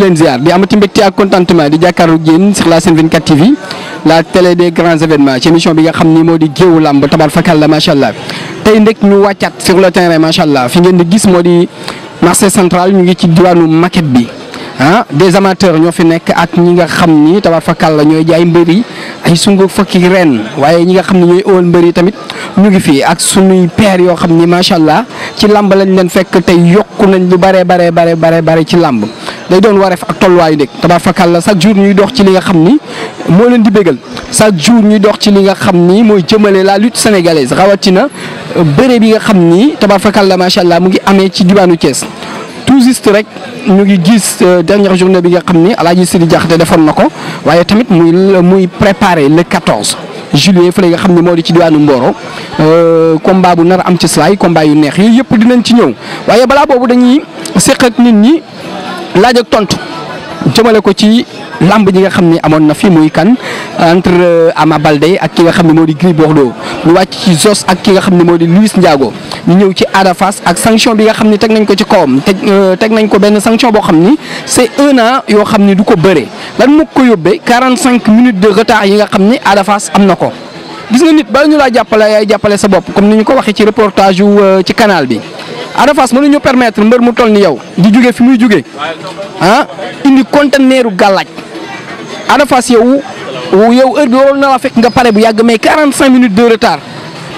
leen ziar di amati mbégte ak contentement di jàkkaaru yéen sur la 24 TV la télé des grands événements ci émission bi nga xam di tabar fakal la macha allah tey ndek ñu wàccaat sur le terrain fi ngeen di gis marché central ñu ngi ci diwaanu maquette bi ah des amateurs ñoo fi nekk ak ñi nga xam tabar fakal la ñooy jaay mbëri ay sungu fakki ren waaye ñi nga xam ne ñooy ëwal tamit ñu ngi fii ak sunuy peer yoo xam ni ci làmb lañ leen fekk yokku nañ lu bare bare bare bare bare ci day doon wareef ak tolluwaayu nek tabaarfakal la chaque jour ñuy dox ci li nga leen di bégal chaque jour ñuy dox ci li nga la lutte sénégalaise rawatina euh, bi nga mu ngi ci tout juste rek ñu ngi euh, dernière journée bi nga xamni Sidi na tamit muy muy préparer le 14 juillet nga di ci euh, combat bu nar am ci combat yu neex dinañ ci laaj ak tontu jëmale ko ci lamb ji nga xam ni amoon na fi muy kan entre euh, Ama Baldé ak ki nga xam ne moo di Gris Bordeaux ñu wàcc ci Zos ak ki nga xam ne moo di Luis Ndiago ñu ñëw ci Ada ak sanction bi nga xam ne teg nañ ko ci kawam teg euh, teg nañ ko benn sanction boo xam ni c'est un an yoo xam ne du ko bëre lan moo ko yóbbee 45 minutes de retard yi nga xam ne Ada Fass am na ko gis nga nit bala ñu laa jàppale yaay jàppale sa bopp comme ni ñu ko waxee ci reportage yu euh, ci canal bi. Ada fas mënu ñu permettre mbeur mu toll ni yow di juggé fi muy juggé han ah, indi conteneuru galaj Ada fas yow yow heure bi waron na la fek nga paré bu yag mais 45 minutes de retard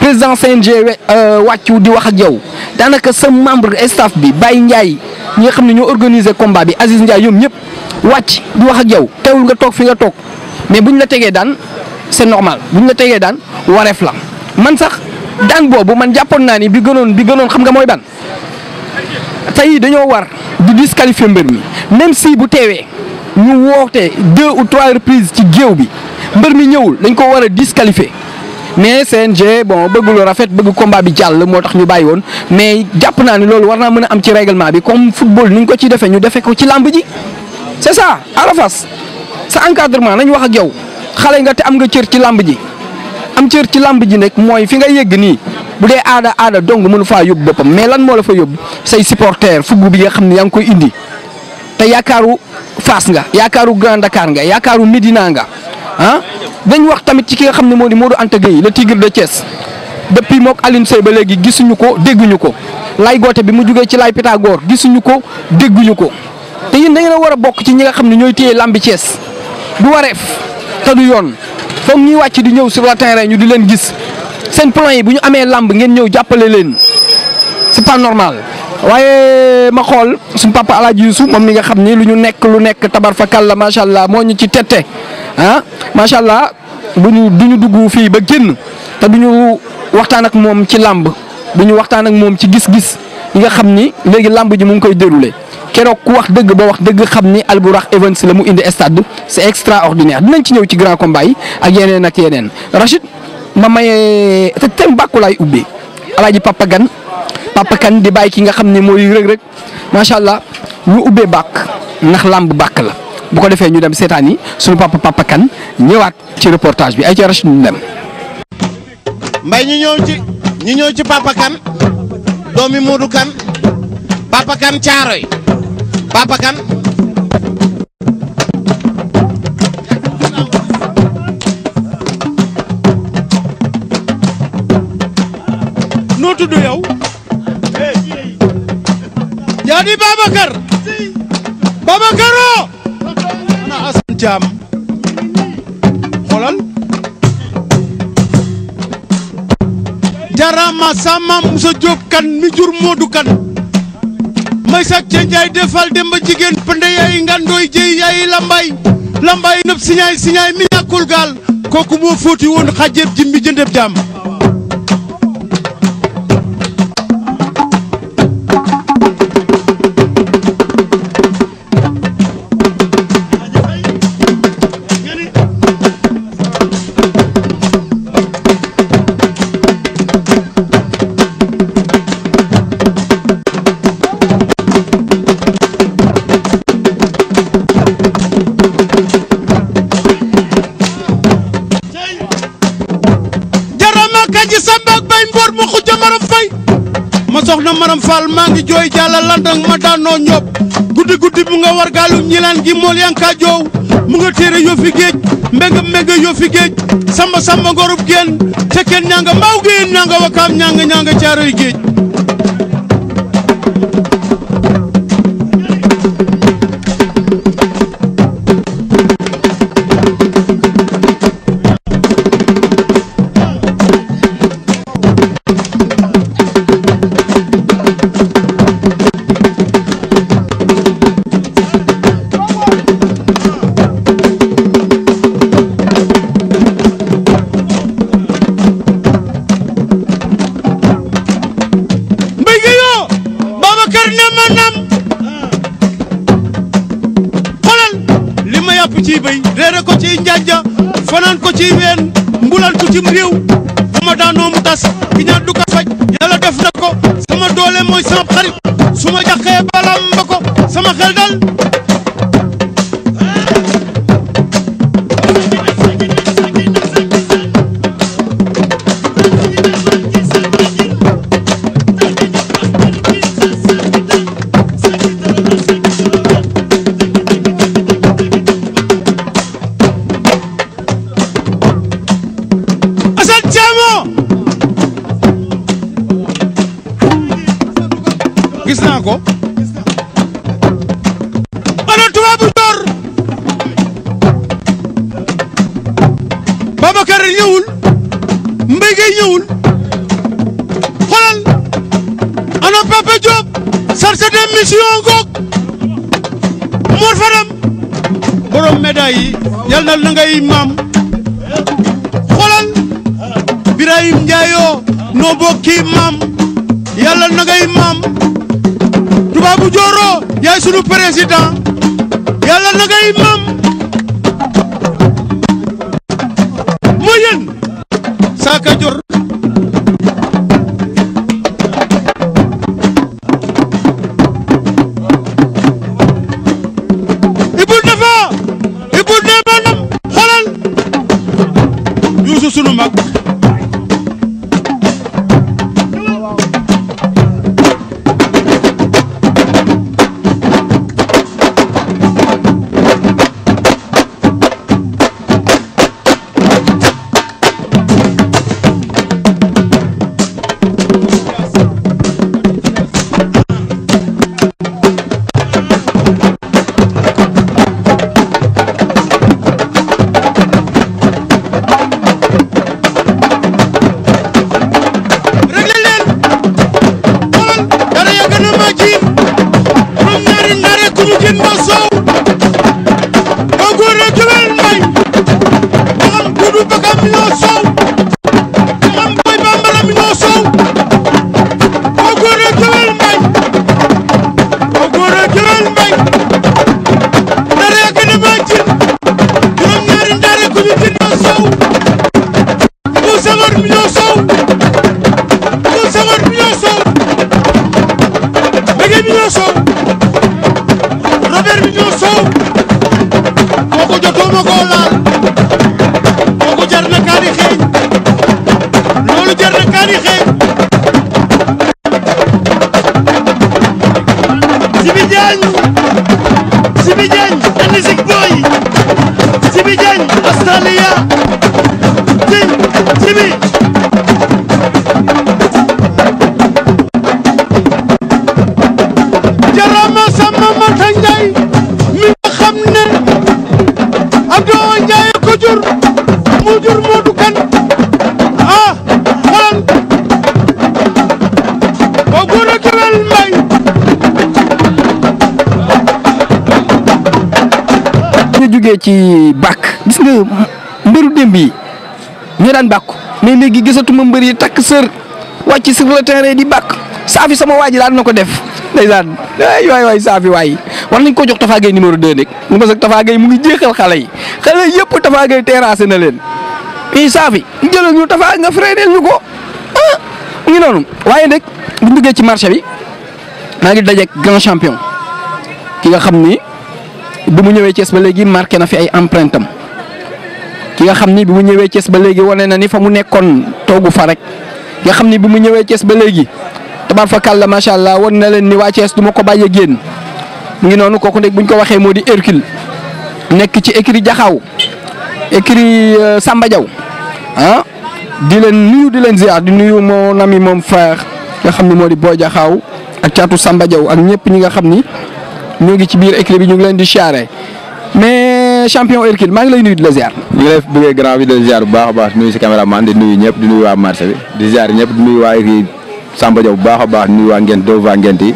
président CNG euh, waccu di wax ak yow danaka sa membre staff bi bay Ndiaye ñi xamni ñu organiser combat bi Aziz Ndiaye yom ñep wacc di wax ak yow tawul nga tok fi nga tok mais buñ la tégué dan c'est normal buñ la tégué dan waref la man sax dan bobu man jappon na ni bi gënon bi gënon xam nga moy ban tey dañoo war di disqualifier mbër mi même si bu teewee ñu woote deux ou trois reprises ci géew bi mbër mi ñëwul dañ ko war a disqualifier mais CNG bon bëgg lu rafet bëgg combat bi jàll moo tax ñu bàyyi woon mais jàpp naa ne loolu war naa mën a am ci réglement bi comme football ni ñu ko ci defee ñu defee ko ci làmb ji c'est ça Arafas sa encadrement nañ wax ak yow xale nga te am nga cër ci làmb ji. am ciir ci lamb ji nek moy fi nga yegg ni budé ada ada dong mënu fa yóbbu bopam mais lan mo la fa yóbbu say supporter fugu bi nga xamni yang koy indi té yakaru fas nga yakaru Grand Dakar nga yakaru Medina nga ah dañ wax tamit ci ki nga xamni modi di Modou Anta Gueye le tigre de Thiès depuis mok aline sey ba légui gisunu ko déggunu ko lay goté bi mu jugee ci lay Pythagore gisunu ko déggunu ko té yeen da nga wara bok ci ñi nga xamni ñoy lamb Thiès du waref ta du yoon foog ñuy wacc di ñew sur le terrain ñu di leen gis seen plan yi bu ñu amee lamb ngeen ñew jappalé leen c'est pas normal waye ma xol suñ papa aladji yusuf mom mi nga xamni nekk lu nekk tabar fa kàlla macha allah ñu ci ah macha allah bu ñu fi ñu dugg fii ba génn ta du ñu waxtaan ak mom ci lamb du ñu waxtaan ak mom ci gis-gis yi nga xamni ni lamb ji mu ngi koy déroulé kéro ku wax deug ba wax deug xamni alburakh events la mu indi stade c'est extraordinaire dinañ ci ñew ci grand combat yi ak yeneen ak yeneen rachid ma maye te tem bakulay ubbe alaji papa gan papa kan di bay ki nga xamni moy reug reug machallah ñu ubbe bak nak lamb bak la bu ko defé ñu dem yi suñu papa papa kan ñewat ci reportage bi ay ci rachid dem mbay ñu ñew ci ñu ñew ci papa kan domi modou kan papa kan chaaroy Papa kan noo tudd yow yaa di Babacar Babacar oo ana Assane Thiam xoolal sama Musa Diop kan kan may sàkk ca njaay defal dem ba jigéen pënde yaay ngandooy jëy yaay lambay lambay nëb siñaay siñaay mi ñàkkul gaal kooku moo fóoti woon xàjjeeb jimbi jëndeb jaam soxna maram Fall maa ngi jooy jàlla landang ma daanoo ñob guddi guddi mu nga war gaalum ñilaan gi mool yanka joow mu nga téere yoo fi géej mbénga mbénga yoo samba samba ngorub geen te kenn ñanga mbaaw geen ñanga wakaam ñanga ñanga caaroy géej tere ko ci njajja fanaan ko ci ween mbulaan ko cim réew bu ma daanoo mu tas ki ñaan du ko faj def na ko sama doole mooy sama xarit su jaxee balam ko sama xel dal na na ngay maam xoolal Birahim Ndiayo noo bokki maam yàlla tubaabu jooro yaay sunu président yàlla na ngay maam ci bak gis nga mbëru démb yi ñu daan bàkku mais léegi gisatuma mbër yi tak seur wacc sur le terrain di bak safi sama waji ji nako def ndeysaan ay way way safi way war nañ ko jox Tafa Gueye numéro 2 nek mu parce que Tafa Gueye mu ngi jéxal xalé yi xalé yépp Tafa Gueye terrassé na leen i saafi jël ñu Tafa nga freiné ñu ko ah ngi noonu waaye nag bu duggee ci marché bi ma ngi dajé grand champion ki nga xamni bi mu ñëwee Thiès ba léegi marqué na fi ay empreinte am ki nga xam ni bi mu ñëwee Thiès ba léegi wane na ni fa mu nekkoon toogu fa rek nga xam ni bi mu ñëwee Thiès ba léegi tabaar fa kàlla allah na leen ni waa Thiès du ko bàyyee génn ngi noonu kooku nag buñ ko Hercule ci écrit écrit euh, Samba Diaw ah di leen nuyu di leen ziar di nuyu mon ami moom frère nga Boy Jaxaaw ak caatu Samba Diaw ak ñëpp ñi nga ñoo ngi ci biir équipe bi ñu ngi leen di siyaare mais champion Hercule ma ngi lay nuyu di la ziar. ñu lay bëggee grand bi di la ziar bu baax baax nuyu ci caméraman di nuyu ñëpp di nuyu wa marché bi di ziar ñëpp di nuyu waa écrit Samba Diaw bu baax baax nuyu wa Ngent do wa Ngent yi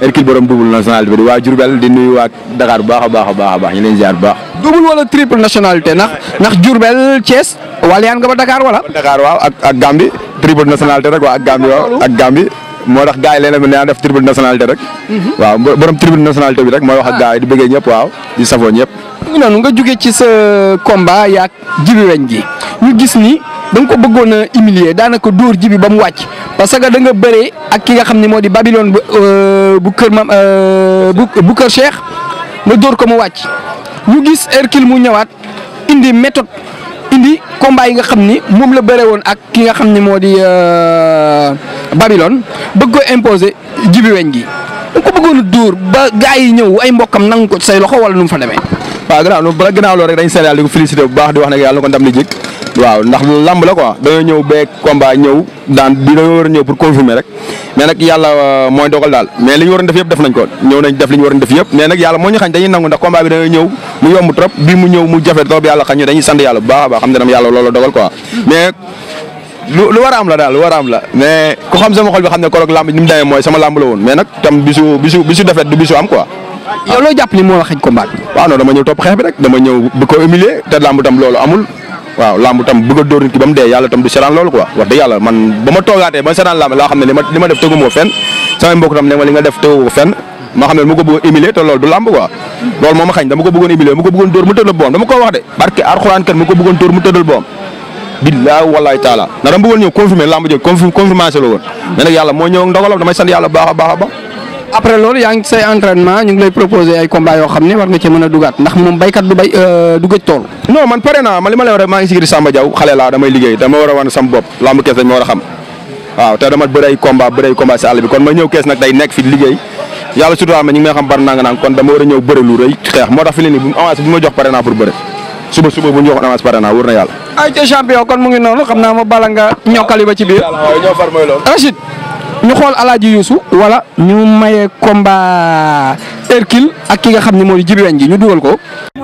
Hercule borom double national bi di wa Jurbel di nuyu wa Dakar bu baax baax baax baax ñu leen ziar bu baax. double wala triple nationalité nak nak Jurbel Thiès wala yaan nga ba Dakar wala. Dakar wa ak Gambie triple nationalité rek wa ak Gambie ak Gambie moo tax gars yi leen mën naa def tribune nationalité rek. Mhm. waaw borom tribune nationalité bi rek mooy wax ak ah. gars yi di bëggee ñëpp waaw di safoo ñëpp. ñu noonu nga jóge ci sa euh, combat yaa jibi weñ gi ñu gis ni da nga ko bëggoon a humilier daanaka dóor jibi ba mu wàcc parce que da nga bëree ak ki nga xam ni moo di Babylone bu euh, bu kër mam euh, bu kër Cheikh nga dóor ko mu wàcc ñu gis Hercule mu ñëwaat indi méthode. indi combat yi nga xam ni moom la bëre woon ak ki nga xam ni moo di euh, Babylone bëgg ko imposer jibi weñ gi da ko bëggoon a dóor ba gaa yi ñëw ay mbokkam nangu ko say loxo wala nu mu fa demee. waaw gannaaw loolu ba gannaaw loolu rek dañ seet yàlla di ko bu baax di wax nag yàlla ko ndam li jëkk waaw ndax lamb la quoi da nga ñew be combat ñew dan bi dañoo wara ñew pour confirmer rek mais nak yalla euh, moy dogal dal mais li ñu waroon def yëpp def nañ ko ñew nañ def li ñu waroon def yëpp mais nak yalla moo ñu xañ dañuy nangu ndax combat bi da nga ñew mu yomb trop bi mu ñew mu jafé trop yàlla xañ ñu dañuy sant yalla baax baax xam na ne yalla loolu dogal quoi mais lu lu war am la dal lu war am la mais ku xam sama xol bi xam ko rek lamb ni mu moy sama lamb la woon mais nak tam bisu bisu bisu defet du bisu am quoi yow lo japp ni mo la combat bi wa non dama ñew top xex bi rek dama ñew bu ko humilier te lamb tam lolu amul waaw lamb tam bëgg a dóor nit ki ba dee yàlla tam du seetaan loolu quoi wax dëgg man ba ma toogaatee ba lamb laa xam ne li ma def tëgu moo fenn samay tam ne ma li def tëgu ko ma xam ne mu ko bëggoon humilier te loolu du lamb quoi loolu moo ma xañ dama ko bëggoon humilier mu ko bëggoon dóor mu tëddal boom dama ko wax de barke alxuraan kan mu ko bëggoon dóor mu tëddal boom billaahi wallaahi taala na dama bëggoon ñëw confirmer lamb jëg confirmation la woon mais a baax a après lolu yaa ngi say entraînement ñu ngi lay proposer ay combat yo xam war nga ci mëna a ndax mom baykat du bay euh, du gëj tol non man pare naa man li lay wara ma ngi si gis Samba jaw xalé la damay liggéey dama wara a wan sama bopp lamb kess dañ ma war xam waaw té dama bëray combat bëray combat ci àll bi kon ma ñëw kess nak day nekk fi liggéey yàlla sutura ma ñu ngi may xam bar nang nang kon dama wara ñëw bëre lu reuy xex mo tax fi leni bu avance bu ma jox pare pour bëre suba suba bu ñu waxoon avance pare naa wër ay ca champion kon mu ngi noonu xamna mo balanga ñokali ba ci biir. waaw ñoo far moy lool Rachid ñu xool Alaaji Yuusu wala ñu maye combat Hercule ak ki nga xam ni mooy Jibi Weñ gi ñu dugal ko.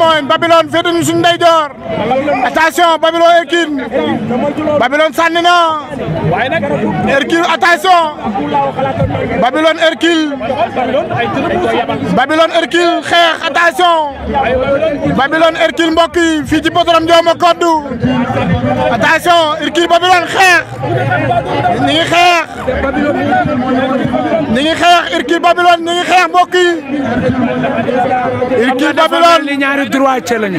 babylon Babylone féete ñu suñu ndeyjoor attention Babylone babylon sanina way nak Hercule attention babylon Hercule babylon Hercule xex attention babylon Hercule mbok fi fii ci Botoram Ndioma Koddu attention Hercule babylon xex ñi ngi xex ñi ngi xex Hercule babylon ñi ngi xex mbok yi Hercule Babylone droitier lañu.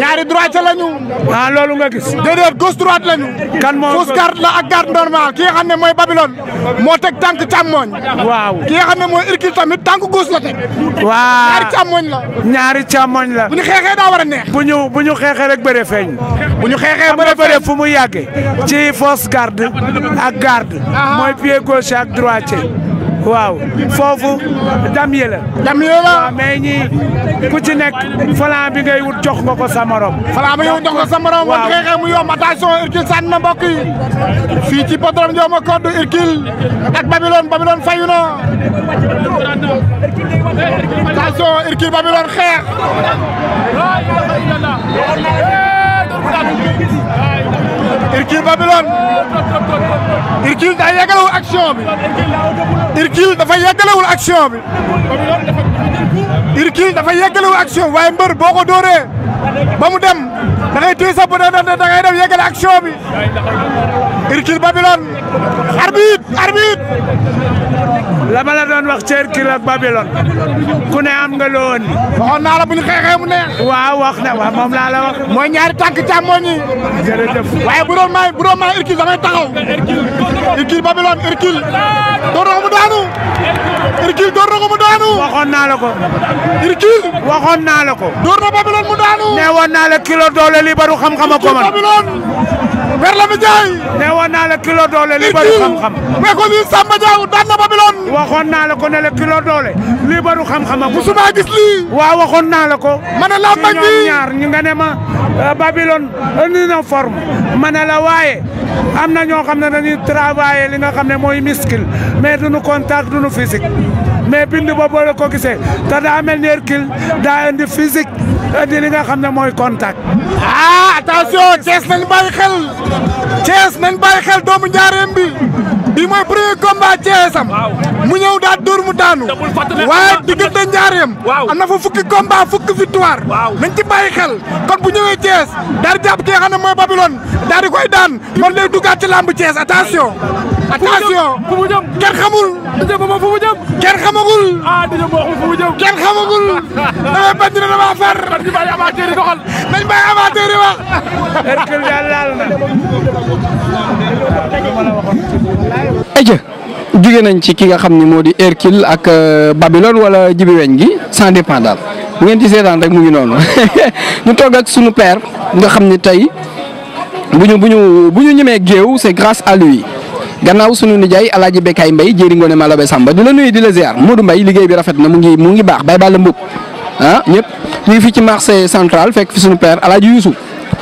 ñaari droitier lañu. ah loolu nga gis. déedéet gauche droite lañu. kan moo fausse garde la ak garde normale ki nga xam ne mooy Babylone moo teg tànk càmmooñ. waaw ki nga xam ne mooy Hercule tamit tànk gauche la teg. waaw ñaari càmmooñ la. ñaari càmmooñ la. bu xeexee daa war a neex. bu ñu bu ñu xeexee rek bëree feeñ. bu ñu xeexee bëree bëree fu mu yàggee. ci fausse garde ak garde. Ah. mooy pied gauche ak waaw foofu damye la. damye ñii ku ci nekk bi ngay wut jox nga ko sa morom. bi ngay jox ko sa waaw ci patron Ndioma Codou Hercule Hercule Babylone Hercule daa yàggalewul action bi Hercule dafa yàggalewul action bi Hercule dafa yàggalewul action waaye mbër boo ko dóoree ba mu dem da ngay téye sa bët da ngay def bi Hercule Babylone arbitre arbitre la ma doon wax ci Hercule ak ku ne am nga loo woon waxoon naa la bu ñu xeexee mu neex waaw wax na waaw moom laa la mooy ñaari tànk càmmoñ yi jërëjëf waaye bu may bu may Hercule damay taxaw Hercule Babylone Hercule door na ko mu door na ko waxoon naa la ko Hercule waxoon naa la ko door na Babylone mu daanu nee woon naa la kilo doole li baru xam-xam a Père Lamine Ndiaye. ne woon naa la kilo doole li baru xam-xam. mais ko ni Samba Diaw daan na Babilone. waxoon naa la ko ne la kilo doole li baru xam-xam ak. musuma gis lii. waaw waxoon naa la ko. ma ne laa mag ñi ñaar ñu nga ne ma. Euh, Babilone indi na forme. ma ne la waaye am na ñoo xam ne dañuy travailler li nga xam ne mooy muscle mais duñu contact duñu physique. mais bind boobu la ko gisee te daa mel ni Hercule daa indi physique li nga xam ne mooy contact. ah attention Thiès nañ bàyyi xel Thiès nañ bàyyi xel doomu njaareem bi. bi mooy premier combat ci esam mu ñew daal dóor mu daanu waaye digënté ñaarëm amna fa fukki combat fukki victoire nañ ci bàyyi xel kon bu ñëwee Thiès daal di jàpp ki nga xam ne mooy daal di koy daan man lay duggat ci ci es attention attention fu mu jëm xamul fu mu jëm xamagul ah, fu mu jëm xamagul far amateur doxal nañ amateur wax na eja jóge nañ ci ki nga xam ni moo di Hercule ak euh, Babylone wala jibi weñ gi sans dépend daal bu ngeen ci seetaan rek mu ngi noonu ñu toog ak sunu père nga xam ni tey bu ñu bu ñu bu ñu ñemee géew c'est grâce à lui gannaaw sunu nijaay alaaji Bekay Mbay jëri ngoone Malobe Samba di la nuyu di la ziar Modou Mbay liggéey bi rafet na mu ngi mu ngi baax bay bàlla mbub ah ñëpp ñu ngi fii ci marché central fekk fi sunu père alaaji Yuusu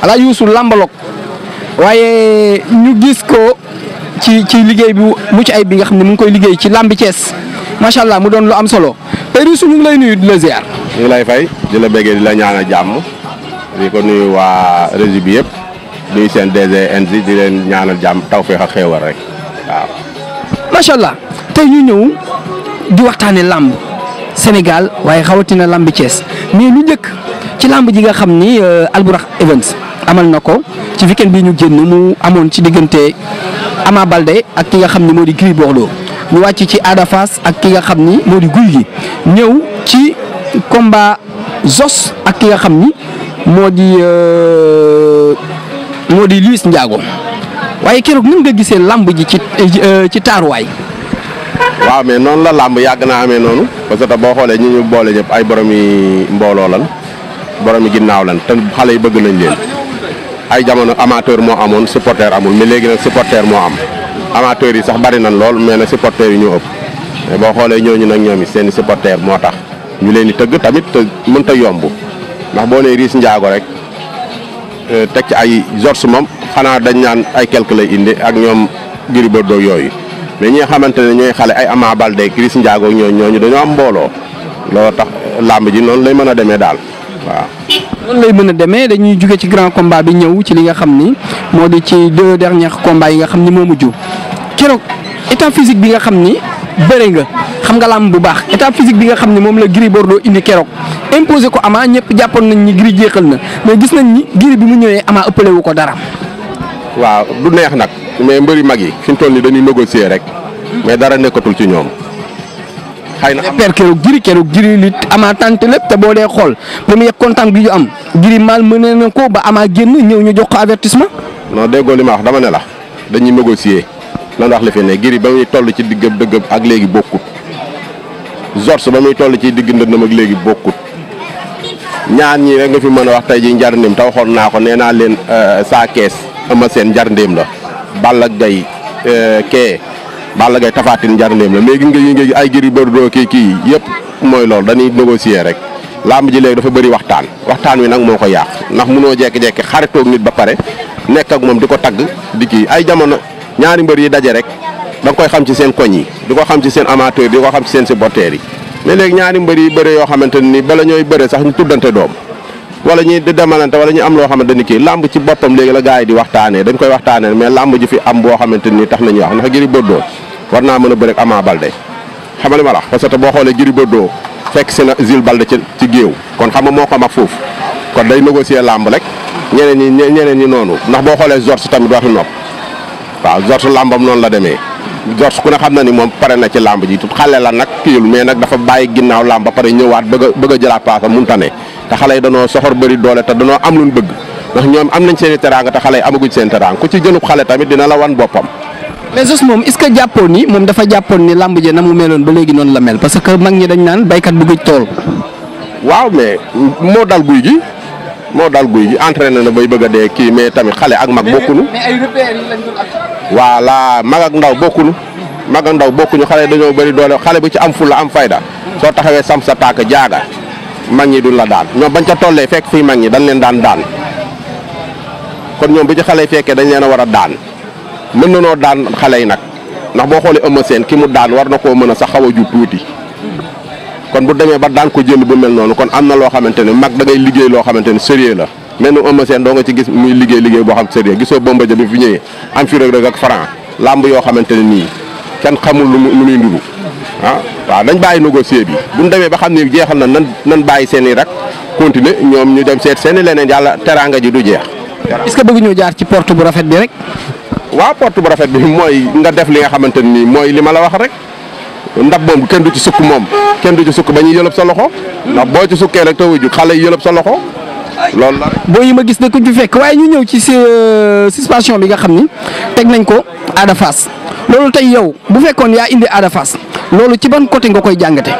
alaaji Yuusu làmbaloog waaye ñu gis ci ci liggéey bi mucc ay bi nga xam ne mu ngi koy liggéey ci làmbi Thiès macha allah mu doon lu am solo tey Youssou ñu ngi lay nuyu di la ziar. ñu ngi lay fay di la bëggee di la ñaana jàmm di ko nuyu waa régie bi yëpp di seen DGNG di leen ñaanal jàmm tawfeex ak xéewal rek waaw. macha allah tey ñu ñëw di waxtaanee làmb Sénégal waaye xawatina làmbi Thiès mais lu njëkk ci làmb ji nga xam ni euh, Albourakh Events amal na ko ci weekend bi ñu génn mu amoon ci diggante. Ama Balde ak ki nga xam ni moo di Gris Bordeaux ñu wàcc ci adafas ak ki nga xam ni moo di Gouye Gui ñëw ci combat Zos ak ki nga xam ni moo di euh, moo di Luis njaago waaye keroog ni nga gisee làmb ji ci euh, ci taaruwaay. waaw mais noonu la làmb yàgg naa amee noonu parce que boo xoolee ñi ñu boole ñëpp ay borom yi mbooloo lan borom yi ginnaaw lan te xale yi bëgg nañ leen. ay jamono amateur moo amoon supporter amul mais léegi nag supporter moo am amateur yi sax bari nañ lool mee na supporter yi ñoo ëpp mais boo xoolee ñooñu nag ñoom it seen i moo tax ñu leen di tëgg tamit te mënta yomb ndax boo nee Riis Njaago rek euh, teg ci ay George moom xanaa dañ naan ay quelque lay indi ak ñoom Gris Bordeaux yooyu mais ñi nga xamante ne ñooy xale ay Ama Baldé Riis Njaago ñooñu ñooñu dañoo am mbooloo looloo tax làmb ji noonu lay mën a demee daal waaw. loolu lay mën a demee dañuy jóge ci grand combat bi ñëw ci li nga xam ni moo di ci deux derniers combats yi nga xam ni moo mujj keroog état physique bi nga xam ni bëre nga xam nga làmb bu baax état bi nga xam ni moom la gri Bordeaux indi keroog imposé ko Ama ñëpp jàppoon nañ ni Gris jeexal na mais gis nañ ni Gris bi mu ñëwee amaa ëppale wu ko dara. waaw du neex nag mais mbëri mag yi fi mu toll nii dañuy négocier rek mais dara nekkatul ci ñoom. xëy na am na keroog giri keroog giri li amaa tànt lépp te boo dee xool premier kontaan bi ñu am giri mal mënee na ko ba amaa génn ñëw ñu jox ko avertissement. non déggoo li ma dama ne la dañuy négocier lan wax la fi ne giri ba muy toll ci diggab dëggab ak léegi bokkut Georges ba muy toll ci digg ndëndam ak léegi bokkut ñaan ñi rek nga fi mën a wax tey jii njar ndéem te waxoon naa ko nee naa leen euh, saa kees ama seen njar ndéem la Balla Gaye euh, kee. Balla Gaye Tapha Tine jaraleem la mais gis nga yi nga ay Gris Bordeaux kii kii yëpp mooy loolu dañuy négocier rek làmb ji léegi dafa bëri waxtaan waxtaan wi nag moo ko yàq ndax munoo jekki-jekki xaritoog nit ba pare nekk ak moom di ko tagg di kii ay jamono ñaari mbër yi daje rek da nga koy xam ci seen koñ yi di ko xam ci seen amateur di ko xam ci seen supporters yi mais léegi ñaari mbër yi bëre yoo xamante ni bala ñooy bëre sax ñu tuddante doom wala ñuy demalante wala ñu am loo xamante ni kii làmb ci boppam léegi la gars yi di waxtaanee dañ koy waxtaanee mais làmb ji fi am boo xamante ni tax nañu wax ndax Gris Bordeaux war naa mën a bëre ak Ama Balde xamali ma la parce que boo xoolee Gris Bordeaux fekk si na Zil Balde ci géew kon xam moo ko mag foofu kon day négocier làmb rek ñeneen ñi ñeneen ñi noonu ndax boo xoolee Georges tamit waxi nopp waaw Georges làmbam noonu la demee Georges ku ne xam na ni moom pare na ci làmb ji tut xale la nag kiilu mais nag dafa bàyyi ginnaaw làmb ba pare ñëwaat bëgg bëgg a jëlaat paasam mënta ne te xale yi danoo soxor bëri doole te danoo am luñ bëgg ndax ñoom am nañ seeni teranga ta xalé amaguñ seen teranga ku ci jënub xalé tamit dina la wan bopam. mais jos mom est ce que japon ni mom dafa japon ni lamb je namu melon ba legi non la mel parce que mag ñi dañ naan baykat bu gëj tol waaw mais mo dal guuy gi mo dal guuy gi entraîner na bay bëgg dé ki mais tamit xalé ak mag bokku mais ay repère lañ doon ak wala mag ak ndaw bokku mag ak ndaw bokku ñu xalé dañu bari doole xalé bu ci am fula am fayda so taxawé sam sa tak jaaga mag ñi duñ la daan ñoo bañ ca tollé fekk fi mag ñi dañ leen daan daan kon ñom bi ci xalé féké dañ leena wara daan mën na noo daan xalé nak ndax bo xolé ëmma seen ki mu daan war na koo mën sax xawa ju jub tuuti kon bu démé ba daan ko jël bu mel non kon amna lo xamanteni mag da ngay liggéey lo xamanteni sérieux la mënu ni seen do nga ci gis muy liggéey liggéey bo xam sérieux gisoo bomba ja bi fi ñëwee am fi rek rek ak franc lamb yo xamanteni ni kan xamul lu ñuy nduru ah wa nañ bayyi négocier bi bu démé ba xamni jéxal na nan nan bàyyi seen rek rak continuer ñom ñu dem seet seen leneen yalla teranga ji du jeex est-ce que bëgg ñu jaar ci porte bu rafet bi rek. waa porte bu rafet bi mooy nga def li nga xamante ni mooy li ma la wax rek ndab moom kenn du ci sukk moom kenn du ci sukk ba ñuy yëlëb sa loxo ndax boo ci sukkee rek tawuju xale yi yëlëb sa loxo loolu la. boo yi ma gis ne ku ci fekk waaye ñu ñëw ci euh, suspension bi nga xam ni teg nañ ko Ada loolu tey yow bu fekkoon yaa indi Ada Fass loolu ci ban côté nga koy jàngate.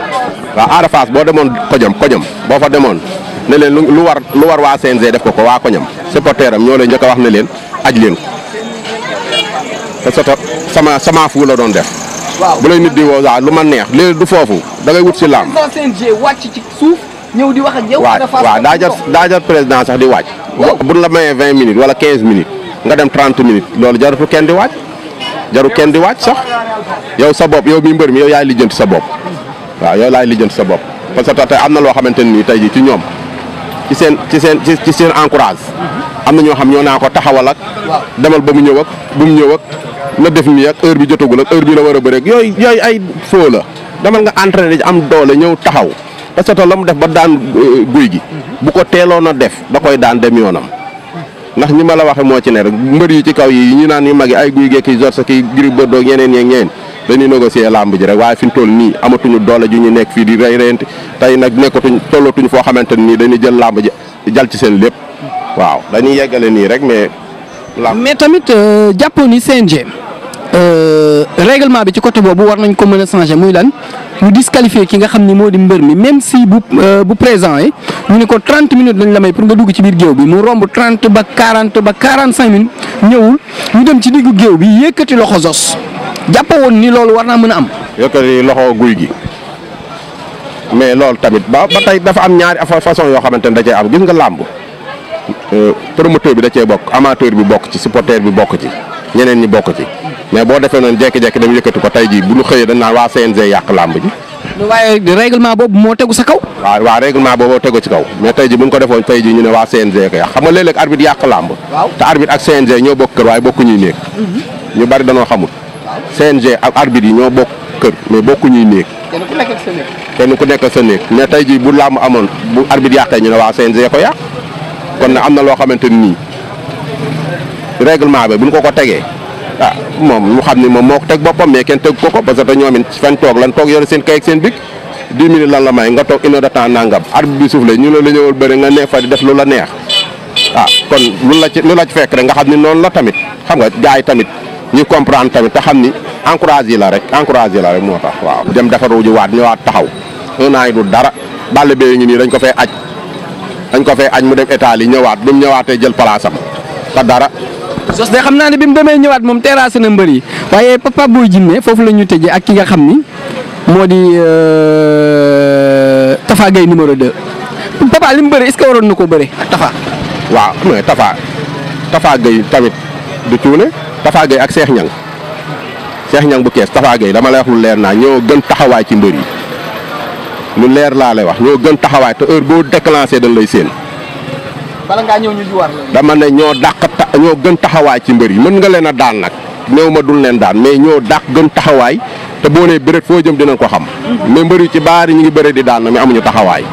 waa Ada boo demoon kojam kojam boo fa demoon ne len lu war lu war wa CNG def ko ko waa koñam supporter am ñoo leen njëkk wax ne len aj len ko te soto sama sama fu la doon def bu lay nit di wo waaw lu ma neex le du fofu da ngay wut ci laam CNG wacc ci suuf ñew di wax ak yow waaw daa jar daa jar president sax di wacc bu la maye 20 minutes wala 15 minutes nga dem 30 minutes lolu loolu fu kenn di wacc jaru kenn di wacc sax yow sa bop yow mi mbeur mi yow yaay lijeent sa bop wa yow lay lijeent sa bop parce que tey amna lo xamanteni tay ji ci ñom ci seen ci seen ci seen encourage am na ñoo xam ñoo naa ko taxawal ak demal ba mu ñëw ak bu mu ñëw ak na def mi ak heure bi jotagul ak heure bi la war a bëre yooyu yooyu ay foo la demal nga entraîné am doole ñëw taxaw parce que la mu def ba daan euh, guy gi bu ko teeloon na def da koy daan dem yoonam ndax ñi ma la waxe moo ci ne rek mbër yi ci kaw yi ñu naan yi mag yi ay guy geeki jor sa ki giri bëddoo ñeneen ñeeg dañuy négocier làmb ji rek waaye fi ñu toll nii amatuñu doole ju ñu nekk fii di rey reyante tey nag nekkatuñ tollatuñ foo xamante nii dañuy jël làmb ji jal ci seen lépp waaw dañuy yeggale nii rek mais. mais tamit euh, jàppoon ni CNG. Euh, règlement bi ci côté boobu war nañ ko mën a changer muy lan ñu disqualifier ki nga xam ni moo di mbër mi même si bu euh, bu présent yi mu ne ko trent minutes dañ la may pour nga dugg ci biir géew bi mu romb 30 ba 40 ba 45 minutes ñëwul ñu dem ci diggu géew bi yëkkati loxo zos. jàppa woon ni loolu war naa mën a am. yëkkati loxo guy gi mais loolu tamit ba ba tey dafa am ñaari façon yoo xamante ne da cee am gis nga làmb euh, promoteur bi da cee bokk amateur bi bokk ci supporter bi bokk ci ñeneen ñi bokk ci mais boo defee noonu jékki-jékki dem yëkkati ko tey jii bu ñu xëyee dañ naan waa CNG yàq làmb ji. waaye règlement boobu moo tegu sa kaw. waaw waa règlement boobu moo tegu ci kaw mais tey ji bu ñu ko defoon tey ji ñu ne waa CNG ko yàq xam nga léeg-léeg arbitre yàq làmb. waaw ak CNG ñoo bokk kër waaye bokkuñuy néeg. Mhm. ñu bari danoo xamul. CNG ak arbitre yi ñoo bokk kër mais bokku ñuy néeg kenn ku nekk sa néeg ku nekk sa néeg mais tey jii bu làmb amoon bu arbitre yàqee ñu ne waa CNG ko yàq kon nag am na loo xamante nii règlement bi bu ñu ko ko tegee ah moom mu xam ne moom moo ko teg boppam mais kenn teg ko ko parce que ñoom it fan toog lan toog yore seen kay ak seen bik dix minutes lan la may nga toog une heure de temps nangam arbitre bi suuf la ne la ñëwal bëri nga neex fa di def lu la neex ah kon lu la la fekk rek nga xam ne noonu la tamit xam nga gars yi tamit ñu comprendre tamit ta xamni encourager la rek encourager la rek motax waaw dem defaru ju wat ñewat taxaw un ay du dara balle be ñi ni dañ ko fay acc dañ ko fay acc mu dem état li ñewat bu ñewaté jël place am ta dara sos de xamna ni bimu démé ñewat mom terrasse na mbeuri wayé papa boy jinné fofu la ñu tëjee ak ki nga xamni modi euh di Tafa gay numéro 2 papa limu mu est ce waron nako na Tafa waaw mais Tafa Tafa gay tamit du cuune Tafa Gueye ak seex Niang Cheikh Niang bu kees Tafa yi dama lay wax lu leer naa ñoo gën taxawaay ci mbër yi lu leer laa lay wax ñoo gën taxawaay te heure boo déclenché dañ lay séen. bala ngaa ñëw ñu dama ne ñoo dàq ta ñoo gën taxawaay ci mbër yi mën nga leen a daan nag néew ma dul leen daan mais ñoo dàq gën taxawaay te boo nee bëreet foo jëm dinañ ko xam. Hmm. mais mbër yi ci baari ñu ngi bëre di daan na mu amuñu taxawaay.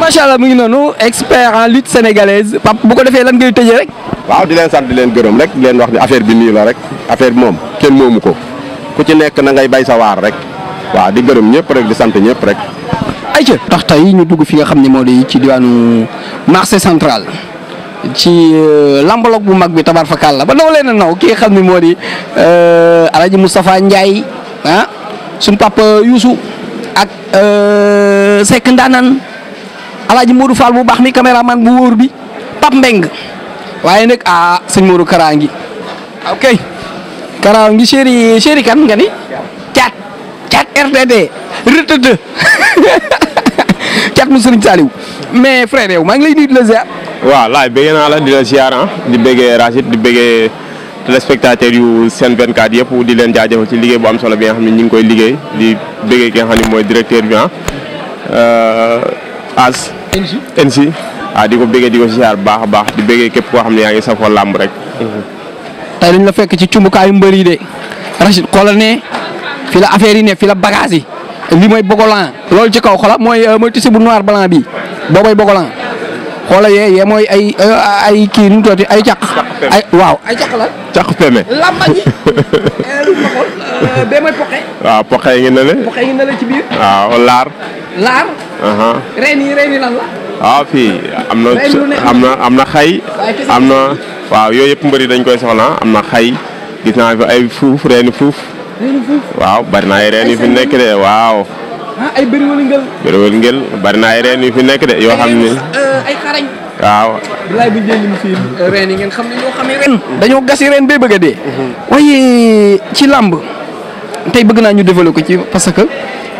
machallah mu ngi nonu expert en lutte sénégalaise pap bu ko defé lan ngay teje rek. waaw di len sant di len gërëm rek di len wax ni affaire bi ni la rek affaire mom, ken kenn moomu ku ci nek na ngay bay sa war rek waaw di gërëm ñepp rek di sant ñepp rek. ci tax tay ñu dugg fi nga xamni ne moo ci diwanu marché central ci euh, lambaloog bu mag bi tabar fa kàlla ba naw leen a naw ki nga xam ne moo di euh, Alaaji Moustapha Ndiaye ah, papa yusu ak euh, Seck Ndaanaan alaaji Modou Fall bu bax mi cameraman bu wor bi tap Mbeng waye nag ah seigne Modou karangi okay karangi chéri chéri kan nga ni chat rdd RTT rëtëtë caat mu sëriñ Saliou mais frère yow ma ngi lay nuyu di la ziar. wa lay be naa la di le ziar han ah. di bege Rachid di bëggee téléspectateurs yu Sen 24 yëpp di len jaajëfal ci liguey bu am solo bi nga xamni ñing koy liguey di bege ki nga xam ne directeur bi han ah. euh as ensi NJ ah diko ko diko ziar bax bax di bëggee kep ko xamni ne yaa ngi safoo làmb rek tay dañ la fekk ci cumbukaayu kay mbeuri de Rachid xoolal ne fi la affaire yi ne fi la bagage yi li moy bogolan lol ci kaw xoolal moy mooy euh, tisi bu noir blanc bi bobay bogolan xoola ye ye moy ay euh, ay ki ñu toti ay càq. ay waaw ay càq la. càq peme. lamba ji. Eh, lu ma xool euh, bee mooy poqe. waaw poqe ngi na le. poqe ngi na le ci biir. waaw lar laar. reen waaw ah, fii am na. am na xay. am na waaw yooyu yëpp mbëri dañ koy soxla am na xay gis naa fi ay fuuf reeni fuuf. waaw bari na ay reen yu fi nekk de waaw. bari na ay reen nekk de yoo xam dañoo gasi reen bay bëgg a dee. Mhm. ci làmb. tey bëgg naa ñu développer ko ci parce que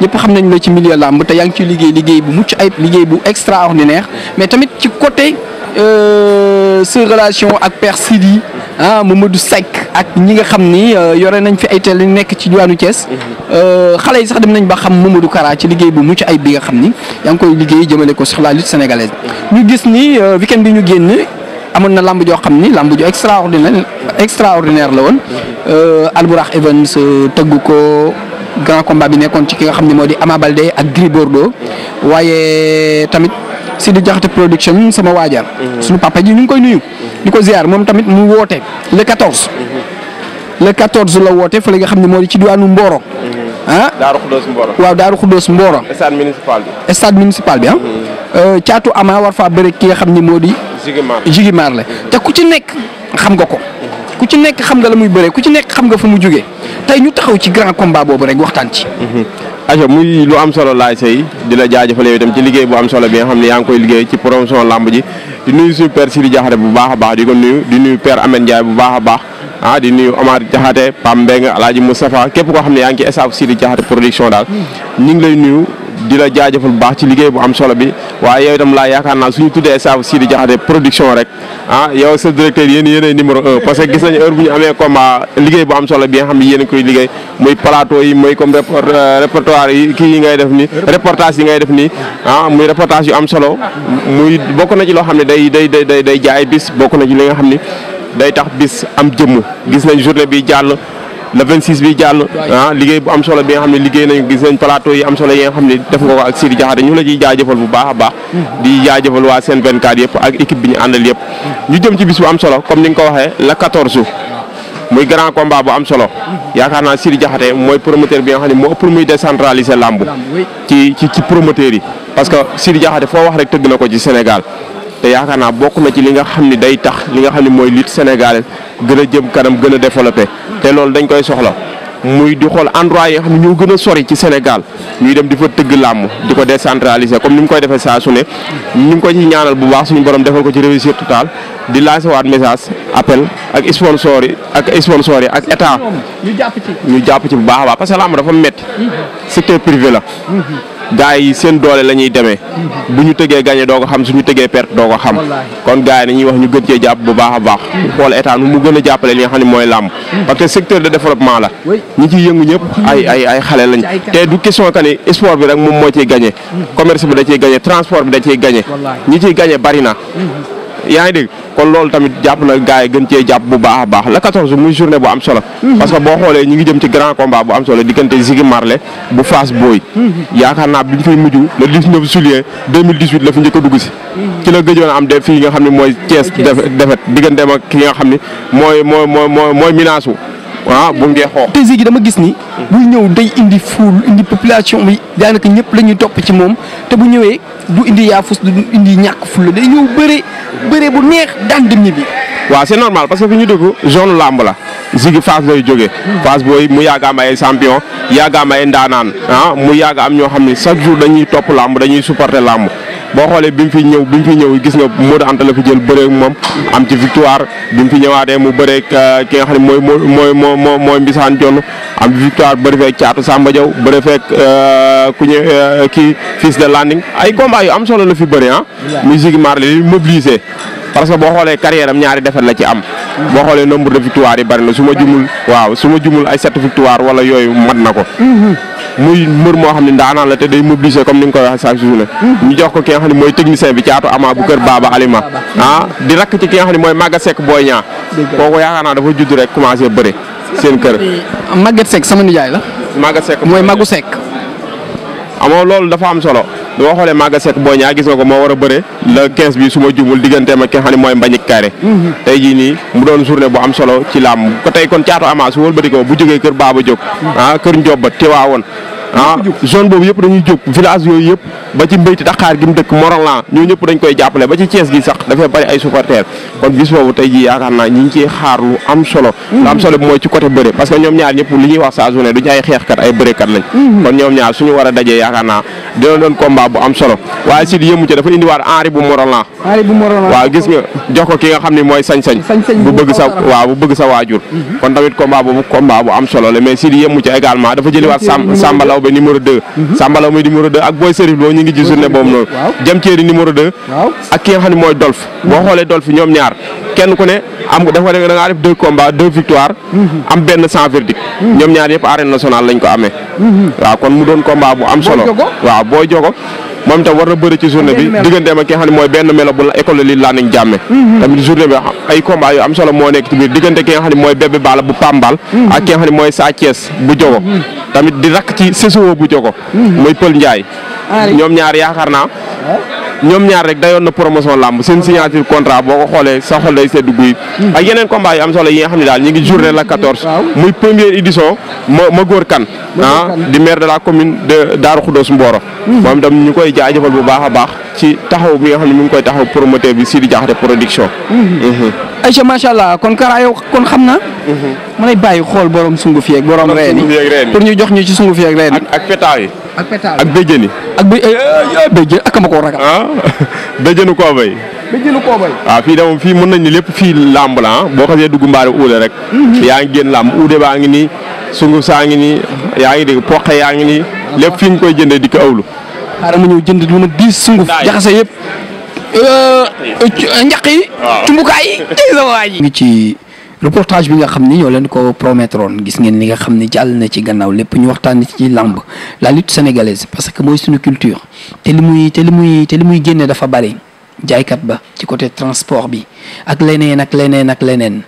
ñëpp xam nañ la ci milieu làmb te yaa ngi ci liggéey liggéey bu mucc ayib liggéey bu extraordinaire mais tamit ci côté euh, sa relation ak Père Sidi ah Mamadou Seck ak ñi nga xam ni euh, yore nañ fi ay teel yu nekk ci diwaanu Thiès. Euh, xale yi sax dem nañ ba xam Mamadou Kara ci liggéey bu mucc ayib bi nga xam ni yaa ngi koy liggéey jëmale ko sur la lutte sénégalaise ñu gis ni weekend bi ñu génn. amoon na lamb joo xam ni lamb ju extraordinaire extraordinaire la woon euh, Alburax Evans euh, tëgg ko grand combat bi nekkoon ci ki nga xam ne moo di amaa Balde ak Gris Bordeaux waaye tamit Sidi Jaxate production sama waajaar mhm. suñu papa ji ngi koy nuyu di ko ziar moom tamit mu woote le 14 mhm. le 14 la woote fële nga xam ne moo di ci diwaanu Mboro mhm. ah Daaru Xuddoos Mboro waaw Daaru Xuddoos Mboro stade municipal bi stade municipal bi ah caatu euh, Ama war faa bëre ki nga xam ne moo di jigimaar la te ku ci nekk xam nga ko ku ci nekk xam nga la muy bëree ku ci nekk xam nga fa mu jógee tey ñu taxaw ci grand combat boobu rek waxtaan ci mhm. aco muy lu am solo laay say di la jaajëfal yow itam ci liggéey bu am solo bi nga xam ne yaa ngi koy liggéey ci promotion lamb ji di nuyu suñu père Sidi Diakhaté bu baax a baax di ko nuyu di nuyu père bu baax a baax ah di nuyu Omar Diakhaté Pam Mbeng Alaaji Moustapha képp koo xam ne yaa ngi ci staff Sidi Diakhaté production di la jaajëfal bu baax ci liggéey bu am solo bi waaye yow itam laa yaakaar naa suñu tuddee staff Sidi Diakhaté production rek ah yow sa directeur yéen yéenay numéro parce que gis nañ heure bu ñu amee combat liggéey bu am solo bi nga xam ne yéen a koy liggéey muy plateau yi muy comme répertoire yi kii yi ngay def ni reportage yi ngay def nii ah muy reportage yu am solo muy bokk na ci loo xam ne day day day day jaay bis bokk na ci li nga xam ni day tax bis am jëmm gis nañ journée bi jàll le 26 bi jàll ah, liggéey bu am solo bi nga xam ne liggéey nañ gis nañ plateau yi am solo yi nga xam ne def nga ko ak Sidi Diakhaté ñu la ciy jaajëfal bu baax a baax hmm. di jaajëfal waa Sen 24 yëpp ak équipe bi ñu àndal yëpp hmm. ñu jëm ci bis bu am solo comme ni nga ko waxee la 14 muy grand combat bu am solo hmm. yaakaar naa Sidi Diakhaté mooy promoteur bi nga xam ne moo ëpp muy décentraliser làmb ci ci yi parce que Sidi Diakhaté foo wax rek tëgg na ko ci Sénégal te yaakaar naa bokk na ci li nga xam ni day tax li nga xam ne mooy lutte sénégalaise gën a jëm kanam gën a développé te loolu dañ koy soxla muy di xool endroit yi nga xam ne gën a sori ci Sénégal ñuy dem di fa tëgg làmb di ko décentraliser comme ni mu koy defee saa su ne ñu ngi ko ci ñaanal bu baax suñu borom defal ko ci réussite totale di lancer waat message appel ak sponsor yi ak sponsor yi ak état ñu jàpp ci bu baax a baax parce que làmm dafa metti mmh. secteur privé la mmh. gars yi seen doole lañuy ñuy demee bu ñu tëgee gagné doo ko xam su ñu tëgee perte doo ko xam kon gars yi ñuy wax ñu gën cee jàpp bu baax a baax xool état mu gën a jàppale li nga xam ne mooy làmb parce que secteur de développement la ñi ciy yëngu ñëpp ay ay ay xale lañ te du question que ni sport bi rek moom moo ciy gagné mm. commerce bi da ciy gagné transport bi da ciy ñu ñi ciy gagné bari na mm-hmm. yaa ngi dégg kon loolu tamit jàpp na gars yi gën cee jàpp bu baax a baax la 14 muy journée bu am solo. Mhm. parce que boo xoolee ñu ngi jëm ci grand combat bu am solo diggante Ziggy Marley bu Fass Boy. Mhm. yaakaar naa bi ñu fay mujj le 19 juillet 2018 la fi njëkk a dugg si. Mhm. ci la gëjoon am de fii nga xam ne mooy Thiès defet digganteem ak ki nga xam ne mooy mooy mooy mooy Minaasu. ah bu ngee xoox te gi dama gis ni. Hmm. buy ñëw dañ indi foule indi population bi daanaka ñëpp lañuy ñuy topp ci moom te bu ñëwee du indi yaafus du indi ñàkk ful day ñëw bëre bëre bu neex daan dem bi waa c'est normal parce que fi ñu dugg zone làmb la Ziggy fas lay jóge Fass hmm. booy mu yàgg am ay champion yàgg am ndaanaan ah mu yàgg am ñoo xam ne chaque jour dañuy topp làmb dañuy supporter làmb. bo xolé bim fi ñew bim mu fi ñew gis nga Modou Anta la fi jël bëree mom am ci victoire bim fi ñëwaatee mu bëree euh, ki nga xam moy moy moy moy mbissane Mbisaan am victoire bëri fek ciatu Samba jaw bëri fek euh, ku ñe euh, ki fils de landing ay combat yu am solo la fi bëri ah. musique marle li mobilisé parce que bo xolé carrière am ñaari defet la ci am. bo xolé nombre de victoire yi bari na suma jumul waaw suma jumul ay sept victoire wala yooyu mat nako mm-hmm. muy mbër moo xam ne ndaanaan la te day mobiliser comme ni nga koy waxee chaque jour ñu jox ko ki nga xam ne mooy technicien bi caatu ama bu kër Baba Alima ah di rakk ci ki nga xam ne mooy Maga Seck booy Niang kooku yaakaar naa dafa judd rek commencé bëre seen kër. Maguette Seck sama nijaay la. Maga Seck mooy Magu Seck. amoo loolu dafa am solo. boo xoolee Maga Seck boo ñaa gis nga ko moo war a bëre le 15 bi su ma jumul digganteem ak ki nga xam ne mooy Mbagnick mhm. tey jii nii mu doon journée bu am solo ci làmb ko tey kon caatu Ama wol wëlbati ko bu jógee kër baa Baba Diop mhm. ah kër Ndiob ba Tiwaawoon ah zone boobu yëpp dañuy jóg village yooyu yëpp ba ci mbéyti Dakar gi mu dëkk Morolan ñoo ñëpp dañ koy jàppale ba ci Thiès gi sax dafay bari ay supporters kon bis boobu tey ji yaakaar naa ñi ngi ciy xaar lu am solo hmm. lu am solo bi mooy que ñoom ñaar ñëpp li ñuy wax saa journée duñu ay xeexkat ay bërekat lañ hmm. kon ñoom a dajee yaakaar doon combat bu am solo waaye si di yëmu ca dafa indiwaat Henri bu Morolan waaw gis nga jox ko ki nga xam ne mooy sañ-sañ bu bëgg sa waaw bu bëgg sa waajur hmm. kon tamit combat boobu combat bu am solo la mais si di yëmu également dafa jëliwaat Samba Lawbe numéro 2. Mhm. Samba Lawbe numéro 2 ak Boy Serif boobu ñu ngi ci journée noonu. jëm Thierry numéro 2. ak ki nga mooy Dolf. Mhm. boo xoolee Dolf ñoom ñaar kenn ku ne am dafa da ngaa def deux combats deux victoires. Mhm. am benn sans verdict. ñoom ñaar yëpp arène lañ ko amee. waaw kon mu doon combat bu am solo. waaw booy jogo moom itam war na bëri ci journée bi digganteem ak ki nga mooy benn melo bu la école li laa jàmme tamit journée bi ay combat am solo moo nekk ci biir diggante ki nga xam mooy bébé baala bu pambal mhm. ak ki nga xam ne mooy Sa Thiès bu jogo mhm. tamit di rakk ci sesoo bu jogo mooy mhm. Pël Ndiaye ñoom ñaar yaakaar naa ñoom ñaar rek dayoon na promotion làmb seen signature contrat boo ko xoolee sa xol day sedd guy hmm. ak yeneen combat yu am solo yi nga xam ne daal ñu ngi journée la 14 muy première édition ma ma ah, kan di maire de la commune de Darou Khoudoss Mboro hmm. moom itam ñu koy jaajëfal bu baax a baax ci taxaw bi nga xam ne mi ngi koy taxaw promoteur bi Sidi Diakhaté production hmm. Aïcha macha allah kon Kara yow kon xam na ma lay bàyyi xool borom sungu fi ak borom reen yi jox ñu ci sungu fi ak reen yi yi ak pétaaw ak béjjëni. ak bé eh, eh, eh, béjjë ak ma ragal. ah béjjënu Koobay. waaw ah, fii de moom fii mën nañu lépp fii làmb la ah boo xasee dugg mbaari uude rek. Mhm. yaa ngi génn làmb uude baa ngi nii sungu saa ngi nii yaa ngi dégg poqe yaa ngi nii lépp fi nga koy jëndee di ko awlu. xaaral ma ñëw jënd lu ma diis sunguf jaxase yëpp. njaq yi. cumbukaay yi ngi ci reportage bi nga xam ni ñoo leen ko promettroon gis ngeen li nga xam ni jàll na ci gannaaw lépp ñu waxtaan ci làmb la lutte sénégalaise parce que mooy suñu culture te li muy te li muy te li muy génne dafa bari jaaykat ba ci côté transport bi ak leneen ak leneen ak leneen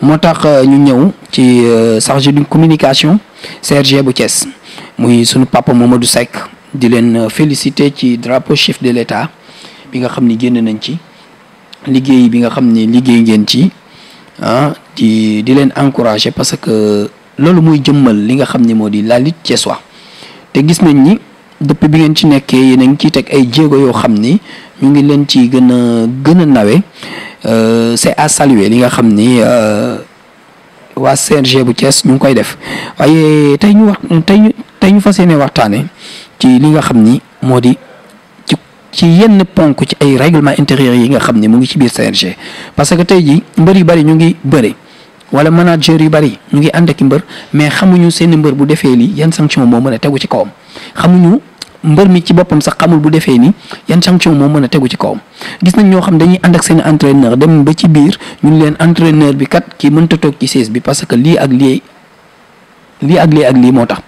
moo tax euh, ñu ñëw ci euh, chargé d'une communication CRG bu Thiès muy sunu papa du Seck di leen euh, féliciter ci drapeau chef de l'État bi nga xam ni génn nañ ci liggéey bi nga xam ni liggéey ngeen ci di di leen encourager parce que loolu muy jëmmal li nga xam ni moo di la lutte thiessoise te gis nañ ni depuis bi ngeen ci nekkee yéen a ngi ciy teg ay jéego yoo xam ni ñu ngi leen ci gën a gën a nawe euh, c'est à saluer li nga xam ni euh, waa CNG bu Thiès ñu ngi koy def waaye tey ñu wax tey ñu tey ñu yéene waxtaane ci li nga xam ni moo di ci ci yenn ponk ci ay règlement intérieur yi nga xam ni mu ngi ci biir CNG parce que tey ji mbër yu bari ñu ngi bëri wala manager yu bari ñu ngi and ak mbeur mais xamuñu seen mbeur bu défé li yan sanction mo mëna téggu ci kawam xamuñu mbeur mi ci bopam sax xamul bu défé ni yeen sanction mo mëna téggu ci kawam gis nañ ño xam dañuy and ak seen entraîneur dem ba ci biir ñu leen entraîneur bi kat ki mënta tok ci 16 bi parce que li ak li li ak li ak li motax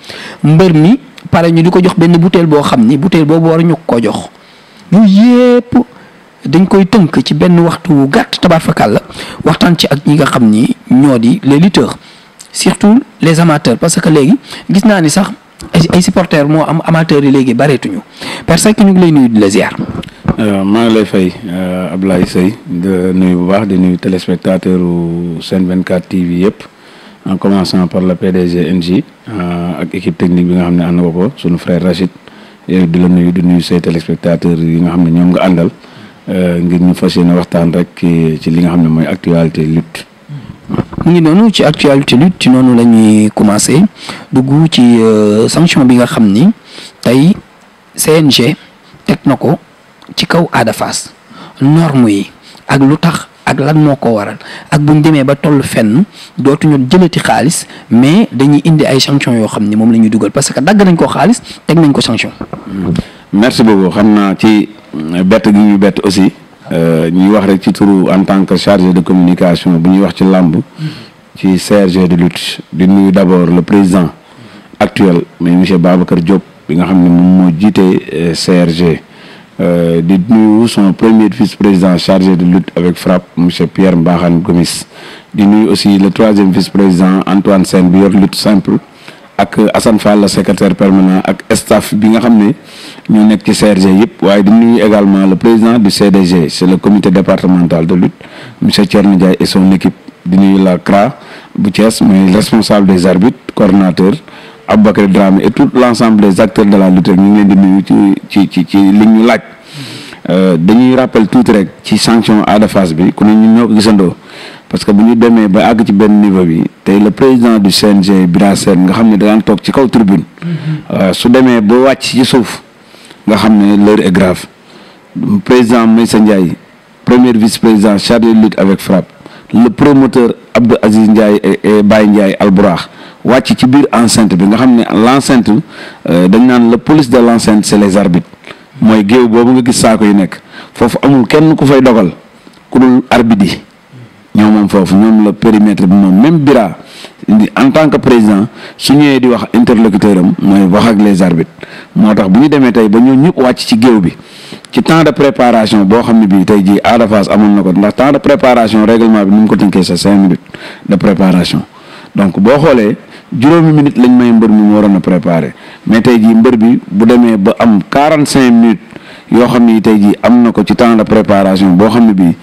mbeur mi paré ñu diko jox benn bouteille bo xamni bouteille bo war ñu ko jox yu yépp dañ koy tënk ci benn waxtu wu gàtt tabarfakal la waxtaan ci ak ñi nga xam ni ñoo di les lutteurs surtout les amateurs parce que léegi gis naa ni sax ay supporters moo am amateurs yi léegi bareetuñu parce que ñu ngi lay nuyu di la ziar. Euh, maa ngi lay fay euh, Ablaye Seye di nuyu bu baax di nuyu téléspectateur u vint 24 TV yëpp en commençant par le PDG NJ euh, ak équipe technique bi nga xam ne ànd nga ko sunu frère Rachid yooyu di la nuyu di nuyu say téléspectateur yi nga xam ne ñoom nga àndal. Euh, ngir ñu fas yéene waxtaan rek ci li nga xam ne mooy actualité lutte. mu ngi noonu ci actualité lutte ci noonu la ñuy commencé dugg ci euh, sanction bi nga xam ni tey CNG teg na ko ci kaw Ada Fass norme yi ak lu tax ak lan moo ko waral ak buñ demee ba toll fenn dootuñu jëlati xaalis mais dañuy indi ay sanction yoo xam ni moom la ñuy dugal parce que dagg nañ ko xaalis teg nañ ko sanction. merci beaucoup xam naa ci. Bête gi ñu bête aussi euh, ñuy wax rek ci en tant que chargé de communication bu ñuy wax ci lamb ci CRG de lutte di nuyu d'abord le président actuel M. monsieur Babacar Diop bi nga xamné mo CRG di nuyu son premier vice-président chargé de lutte avec frappe M. Pierre Mbakhane Gomis di nuyu aussi le troisième vice-président Antoine Sen bi lutte simple ak Hassan Fall le secrétaire permanent ak staff bi nga xamné ñu nekk ci également le président du CDG c'est le comité départemental de lutte monsieur Thierno et son équipe di nuyu la bu responsable des arbitres coordonnateur Abba Dramé et tout l'ensemble des acteurs de la lutte Nous ñu ngi leen di nuyu ci ci ci ci li ñu laaj euh, dañuy rappel sanction à la face, bi ku ne ñu ñoo parce que bu ñu demee ba àgg ci benn niveau bi tey le président du CNG Bira Sène nga xam ne da daan toog ci kaw tribune mm-hmm. euh, su demee ba wàcc ci suuf nga xam ne l'heure est président Meissa Ndiaye première vice-président chargé de lutte avec frappe le promoteur Abdou Aziz Ndiaye et Baye Ndiaye Alburax wàcc ci biir enceinte bi nga xam ne l'enceinte euh, dañ naan la police de l'enceinte c'est les arbitres mooy géew boobu nga gis saako yi nekk foofu amul kenn ku fay dogal ku dul arbitre ñoo moom foofu ñoom la périmètre bi moom même Bira en tant que président su ñëwee di wax interlocuteur am mooy wax ak les arbitres moo tax bu ñu demee tey ba ñoo ñëpp wàcc ci géew bi ci temps de préparation boo xam ne bii tey jii Ada Fass amoon na ko ndax temps de préparation règlement bi ni mu ko tënkee sa cinq minutes de préparation donc boo xoolee juróomi minutes lañ may mbër mi mu waroon a préparer mais tey jii mbër bi bu demee ba am quarante cinq minutes yoo xam ne tey jii am na ko ci temps de préparation boo xam ne bii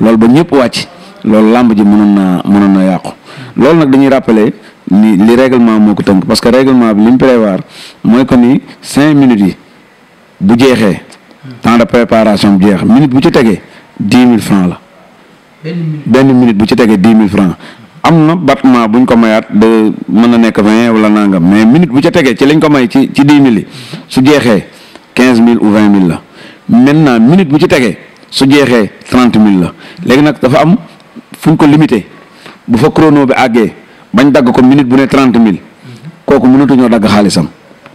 loolu ba ñëpp wàcc loolu làmb ji mënoon na mënoon na yàqu loolu nag dañuy rappeler ni li règlement moo ko tënk parce que règlement bi li mu prévoir mooy que ni cinq minutes yi bu jeexee temps de préparation bu jeex minute bu ci tegee dix mille francs la benn minute bu ci tegee dix mille francs am na battement buñ ko mayaat de mën na nekk vingt wala nangam mais minute bu ca tegee ci lañ ko may ci ci dix mille yi su jeexee quinze mille ou vingt mille la maintenant minute bu ci tegee su jeexee trente mille la léegi nag dafa am fuñ ko limité bu fa chrono bi àggee bañ dagg ko minute bu nee trente mille kooku mënatuñoo dagg xaalisam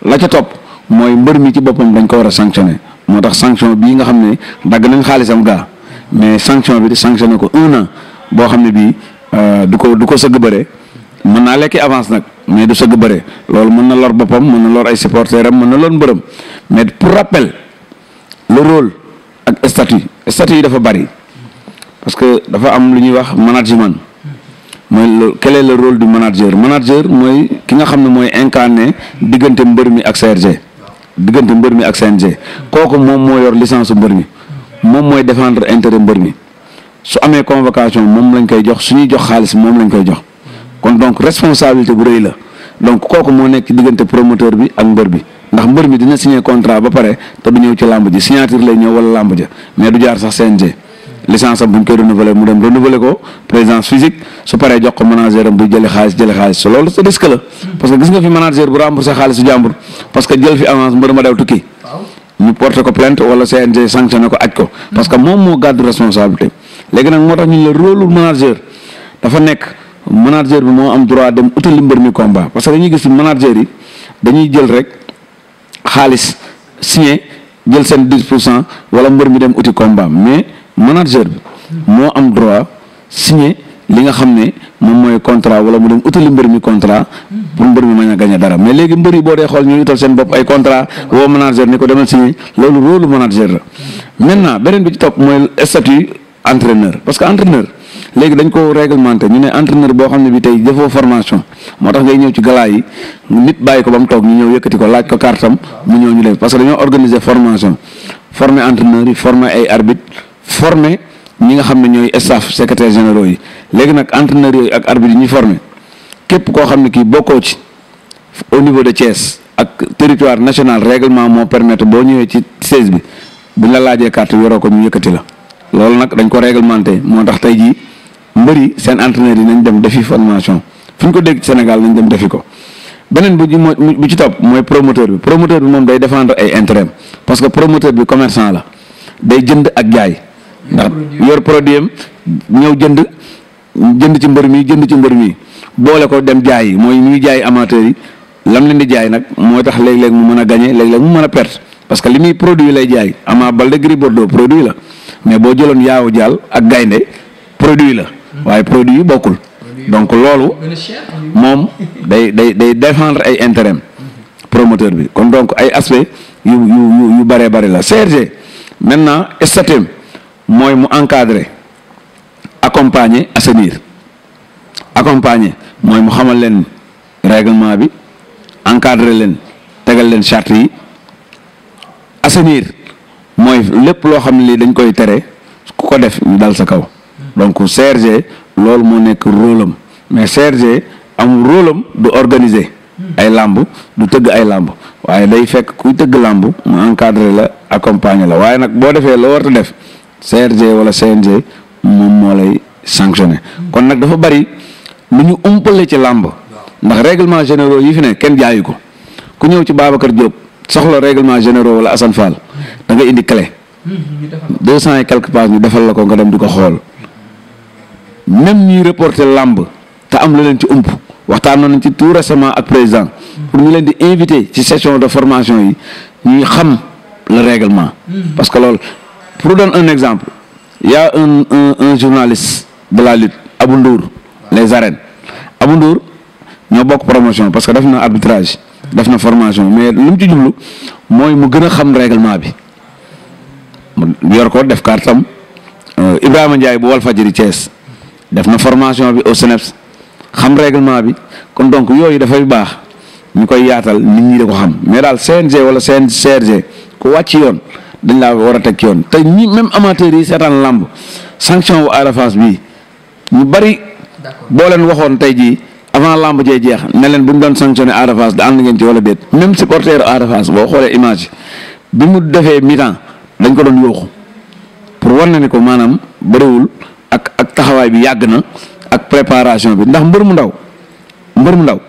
la ca topp mooy mbër mi ci boppam dañ ko war a sanctionné moo tax sanction bii nga xam ne dagg nañ xaalisam gaa mais sanction bi di sanctionné ko un an boo xam ne bii euh, du ko du ko sëgg bëre mën naa lekki avance nag mais du sëgg bëre loolu mën na lor boppam mun na lor ay supporteram mën na lor mbërëm mais pour rappel le rôle ak statut statut yi dafa bari parce que dafa am lu ñuy wax management mooy le quel est le rôle du manager manager mooy ki nga xam ne mooy incarné diggante mbër mi ak CRG diggante mbër mi ak kooku moom moo yor licence mbër mi moom mooy défendre intérêt mbër mi su amee convocation moom lañ koy jox su ñuy jox xaalis moom lañ koy jox kon donc responsabilité bu rëy la donc kooku moo nekk diggante promoteur bi ak mbër bi ndax mbeur mi dina signer contrat ba pare te bu ñew ci lamb ji signature lay ñew wala lamb ja mais du jaar sax CNG licence am buñ ko renouveler mu dem renouveler ko présence physique su paree jox ko manager am du jëli xaalis jëli xaalis so loolu sa risque la parce que gis nga fi manager bu rembourser xaliss su jàmbur parce que jël fi avance mbeur ma daw tukki ñu porter ko plainte wala CNG sanctionner ko acc ko parce que mom mo garde responsabilité légui nak motax ñu le rôle manager dafa nek manager bi mo am droit dem outil mbeur mi combat parce que dañuy gis manager yi dañuy jël rek xaalis signé jël seen dix pour cent wala mbër mi dem uti combat mais manager bi moo am droit signé li nga xam ne moom mooy contrat wala mu dem utali mbër mi contrat pour mbër mi mën a dara mais léegi mbër yi boo dee xool ñu utal seen bopp ay contra woo manager ni ko demal signé loolu rôle manager la maintenant beneen bi ci topp mooy statut entraîneur parce que entraîneur léegi dañ ko réglementé ñu ne entraîneur boo xam ne bi tey defoo formation moo tax ngay ñëw ci galaa yi nit bàyyi ko ba mu toog ñu ñëw yëkkati ko laaj ko kartam mu ñëw ñu def parce que dañoo organiser formation former entraîneur yi forme ay arbitre former ñi nga xam ne ñooy staff secrétaire généraux yi léegi nag entraîneur yooyu ak arbitre yi ñu former képp koo xam ne kii bokkoo ci au niveau de Thiès ak territoire national réglement moo permettre boo ñëwee ci siège bi buñ la laajee carte yoroo ko ñu yëkkati la loolu nag dañ ko réglementé moo tax tey mbëri seen entraîneur yi nañ dem defi formation fu ñu ko dégg Sénégal nañ dem defi ko beneen bu bu ci topp mooy promoteur bi promoteur bi moom day défendre ay intérêt parce que promoteur bi commerçant la day jënd ak jaay ndax yor produit am ñëw jënd jënd ci mbër mi jënd ci mbër mi boole ko dem jaay yi mooy ñuy jaay amateur yi lam leen di jaay nag moo tax léeg-léeg mu mën a gagné léeg-léeg mu mën a perte parce que li muy produit lay jaay Ama Baldé Gris Bordeaux produit la mais boo jëloon yaaw jaal ak gaynde produit la waaye produit yi bokkul donc loolu moom day day day défendre ay intérêt promoteur bi kon donc ay aspect yu yu yu bare bare la CRG maintenant statut mooy mu encadrer accompagner assainir accompagner mooy mu xamal leen règlement bi encadrer leen tegal leen charte yi assainir mooy lépp loo xam ne lii dañ koy tere ku ko def ñu dal sa kaw donc CRG loolu moo nekk rôle mais CRG am rôle am du organiser ay làmb du tëgg ay làmb waaye day fekk kuy tëgg làmb mu encadré la accompagner la waaye nag boo defee loo war def CRG wala CNG moom moo lay sanctionné kon nag dafa bari lu ñu umpale ci làmb ndax règlement généraux yi fi ne kenn jaayu ko ku ñëw ci Babacar Diop soxla réglement généraux wala Assane Fall da nga indi clé hmm, deux cent et quelques pages ñu defal la ko nga dem di ko xool même ñuy reporter làmb te am la leen ci ëmb waxtaanoon nañ ci tout récemment ak président pour ñu leen di invité ci session de formation yi ñuy xam le règlement. Hmm. parce que lool pour donner un exemple y un un un journaliste de la lutte Abou Ndour les arènes Abou Ndour ñoo bokk promotion parce que def na arbitrage def na formation mais lu mu ci mooy mu gën a xam règlement bi mu yor ko def kartam euh, Ibrahima Ndiaye bu Walfadjri Thiès. def na formation bi au SNEPS xam règlement bi kon donc yooyu dafay baax ñu koy yaatal nit ñi da ko xam mais daal CNG wala CN CRG ku wàcc yoon dañ laa war a teg ci yoon te ñi même amateurs yi seetaan làmb sanction bu Ada Fass bii bari boo leen waxoon tey jii avant làmb jee jeex ne leen bu ñu doon sanctionné Ada Fass da ànd ngeen ci wala déet même supporter Ada Fass boo xoolee image bi mu defee mi-temps dañ ko doon yooxu pour wan ne ko maanaam bëriwul taxaway bi yag na ak préparation bi ndax mbeur mu ndaw mbeur mu ndaw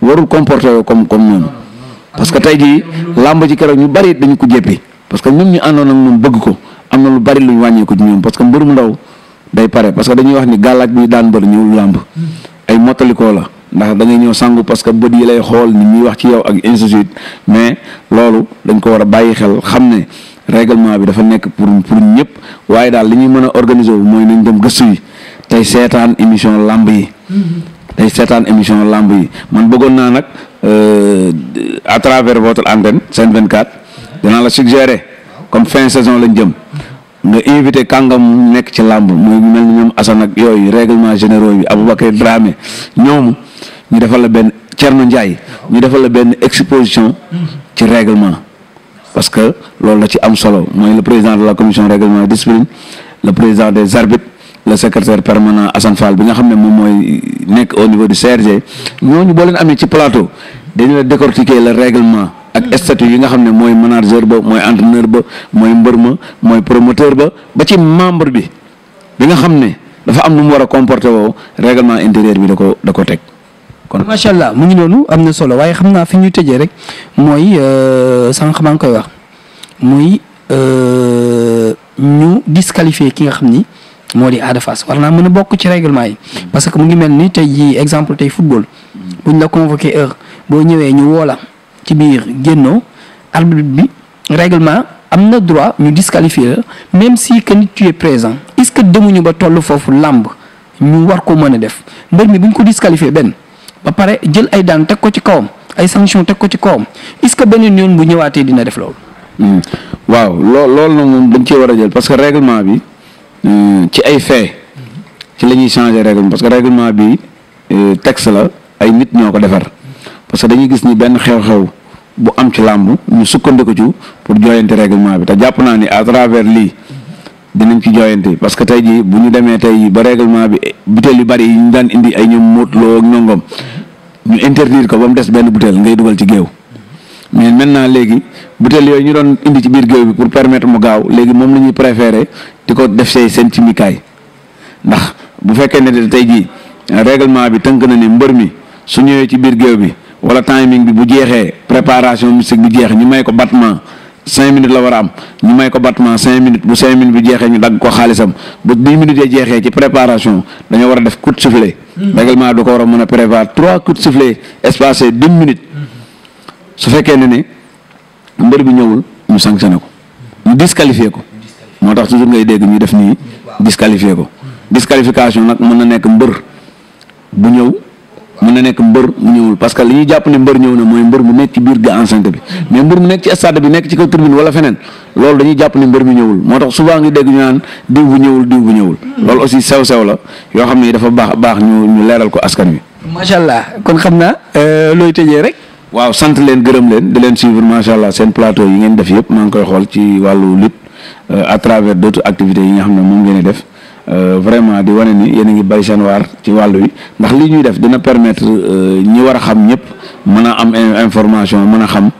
warul comporter comme comme ñun parce que tay jii lamb ci keroog ñu bari dañ ko jéppi parce que ñun ñu andon ak ñun bëgg ko amna lu bari lu wañé ko ñun parce que mbeur mu ndaw day pare parce que dañuy wax ni galak bi daan mbër ñu lamb ay mottalikoo la ndax da ngay ñëw sangu parce que bët yi lay xol ni muy wax ci yow ak institut mais lolu dañ ko wara bayyi xel xamné règlement bi dafa nekk pour pour ñëpp waye dal li ñuy mëna organiser moy nañ dem gëssu tey seetaan émission làmb yi mm-hmm. tey seetaan émission làmb yi man bëggoon naa nag euh, à travers votre antenne Sen 24 dinaa la suggérer comme fin saison lañ jëm nga invité kàngam nekk ci làmb mooy mel ni ñoom Assane ak yooyu règlement généraux bi Aboubacar Dramé ñoom ñu defal la benn Thierno Ndiaye ñu defal la benn exposition mm-hmm. ci règlement parce que loolu la ci am solo mooy le président de la commission règlement discipline le président des arbitres le secrétaire permanent Assane Fall bi nga xam ne moom mooy nekk au niveau du CRG ñooñu boo leen amee ci plateau dañu la décortiquer le règlement ak hmm. statut yi nga xam ne mooy manager ba mooy entraîneur ba mooy mbër ma mooy promoteur ba ba ci membre bi bi nga xam ne dafa am nu mu war a comporter woo réglement intérieur bi da ko da ko teg. kon macha allah mu ngi noonu am na solo waaye xam naa fi ñuy tëjee rek mooy euh, sànq maa ngi koy wax muy euh, ñu disqualifier ki xam ni. moo di Ada Fass war naa mën a bokk ci règlement yi parce que mu ngi mel ni tey ji exemple tey football buñ la convoqué heure boo ñëwee ñu woola ci biir génnoo arbitre bi réglement am na droit ñu disqualifier la même si que nit tu présent est-ce que demuñu ba toll foofu làmb ñu war koo mën a def mbër mi buñ ko disqualifier benn ba pare jël ay daan teg ko ci kawam ay sanction teg ko ci kawam est-ce que beneen yoon bu ñëwaatee dina def loolu. Hmm. waaw lool loolu na moom dañ cee war parce que règlement bi. Euh, ci ay fait ci la ñuy changer règlement parce que règlement bi euh, texte la ay nit ñoo ko defar parce que dañuy gis ni benn xew-xew bu am ci làmb ñu sukkandiku ci pour jooyante règlement bi te jàpp naa ni à travers lii dinañ ci jooyante parce que tey jii bu ñu demee tey ba règlement bi butéel yu bari yi ñu daan indi ay ñoom móotloo ak ñongom ñu interdire ko ba mu des benn butéel ngay dugal ci géew mais maintenant léegi butéel yooyu ñu doon indi ci biir géew bi pour permettre mu gaaw léegi la ñuy préférer di ko def see seen ci ndax bu fekkee ne tey jii règlement bi tënk na ni mbër mi su ñëwee ci biir géew bi wala timing bi bu jeexee préparation musique bi jeex ñu may ko battement cinq minutes la war a am ñu may ko battement cinq minutes bu cinq minutes bi jeexee ñu dagg ko xaalisam bu dix minutes ya jeexee ci préparation dañoo war a def coup de sifflet hmm. règlement du ko war a mën a prévoir trois coups de sifflet espacé d'une hmm. su fekkee ne ni mbër bi ñëwul ñu sanctionné ko ñu disqualifié ko motax tax toujours ngay dégg ñu def ni disqualifier ko disqualification nak mëna nek mbeur bu ñew mëna nek mbeur mu ñewul parce que li ñu japp ni mbeur ñew na moy mbeur mu nekk ci biir ga enceinte bi mais mbeur mu nekk ci stade bi nekk ci tribune wala fenen lool dañuy japp ni mbeur mi ñewul motax tax souvent ngi dégg ñu naan diw bu ñewul diw bu ñewul lool aussi sew-sew la yo xamni dafa bax bax ñu ñu léral ko askan wi macha allah kon xamna euh loy tëjee rek waaw sant leen gërëm leen di leen suivre macha allah seen plateau yi ngeen def yépp ma ngi koy xol ci walu lutte Euh, à travers d'autres activités yi nga xam ne moom ngeen def euh, vraiment di wane ni yéen a ngi bay seen waar ci wàllu wi ndax li ñuy def dina permettre euh, ñi war a xam ñëpp mën a am information mën a xam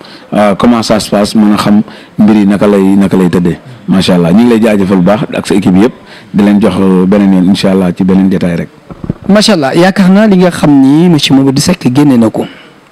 comment ça se passe mën a xam mbir yi naka lay naka lay tëddee macha allah ñu ngi lay jaajëfal bu baax ak sa équipe yëpp di leen jox beneen yoon incha allah ci beneen jotaay rek. macha allah yaakaar naa li nga xam ni monsieur di Seck génne na ko.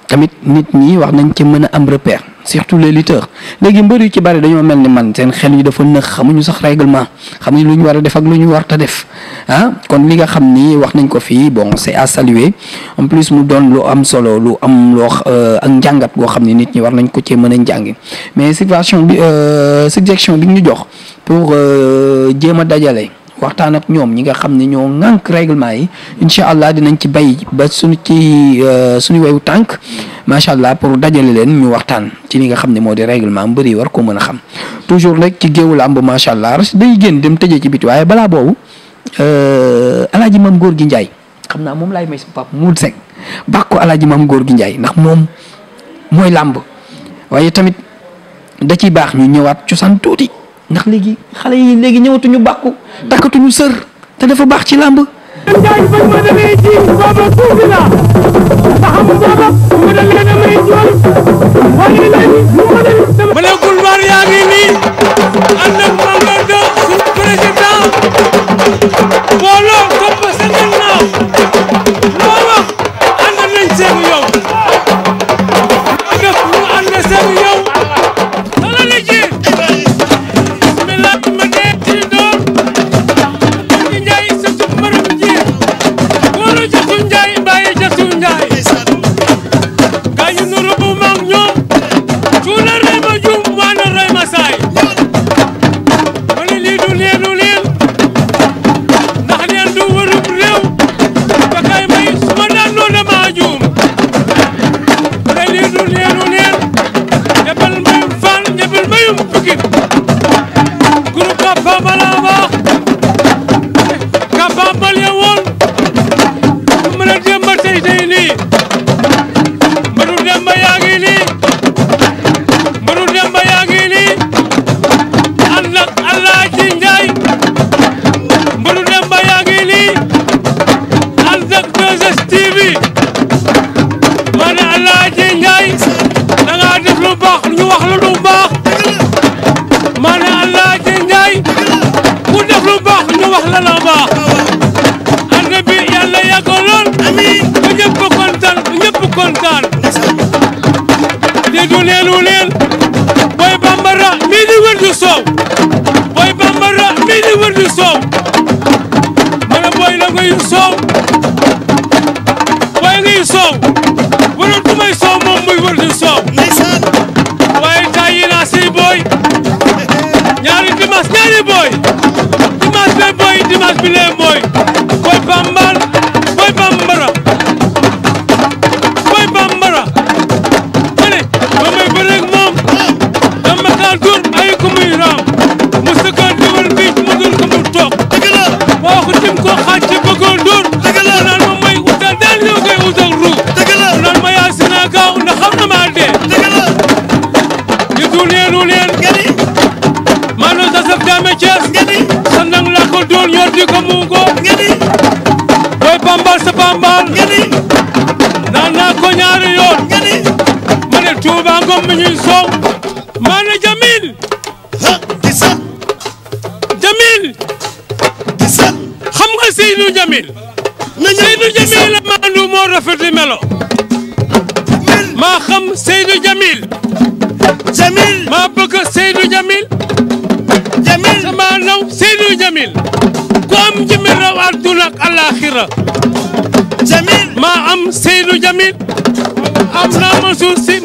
tamit nit ñi wax nañ ci mëna am repère surtout les lutteurs légui mbër yu ci bari dañu melni man seen xel yi dafa nëx xamuñu sax règlement xam luñu wara def ak luñu warta def ah kon li nga xamni wax nañ ko fi bon c'est à saluer en plus mu doon lu am solo lu am lo loo euh, ak jangat go xamni nit ñi war nañ ko ci mëna jangé mais situation bi euh suggestion bi ñu jox pour euh, jéem a dajale. waxtaan ak ñoom ñi nga xam ne ñoo ŋànk règlement yi incha allah dinañ ci bay ba suñu ci euh, suñu wewu tànk macha allah pour dajale leen ñu waxtaan ci li nga xam ne moo di réglement mbër yi war ko mën a xam toujours rek ci géewu làmb macha allah day génn dem tëjee ci biti waaye balaa boobu euh, alaaji mam góor gi njaay xam naa moom laay may sama pap muul seng bàkko ji mam góor gi njaay ndax moom mooy làmb waaye tamit da ciy baax ñu ñëwaat cosaan tuuti ndax léegi xale yi léegi ñëwatuñu bàkku takkatuñu sër te dafa baax ci làmb Njaay bañ ma demee ji booba tuuti la taxam booba mu da a may jool wani leen mu ma ma ne gulmaan président booloo nañuy soow maana jamil gisa jamil xam nga Seydou Jamil Seydou Jamil la maandu moo rafeti melo maa xam Seydou Jamil Jamil maa bëgg Seydou ku am Jamil raw àdduna ak alaaxira Jamil maa am Seydou Jamil Abdoulaye Mansour Sy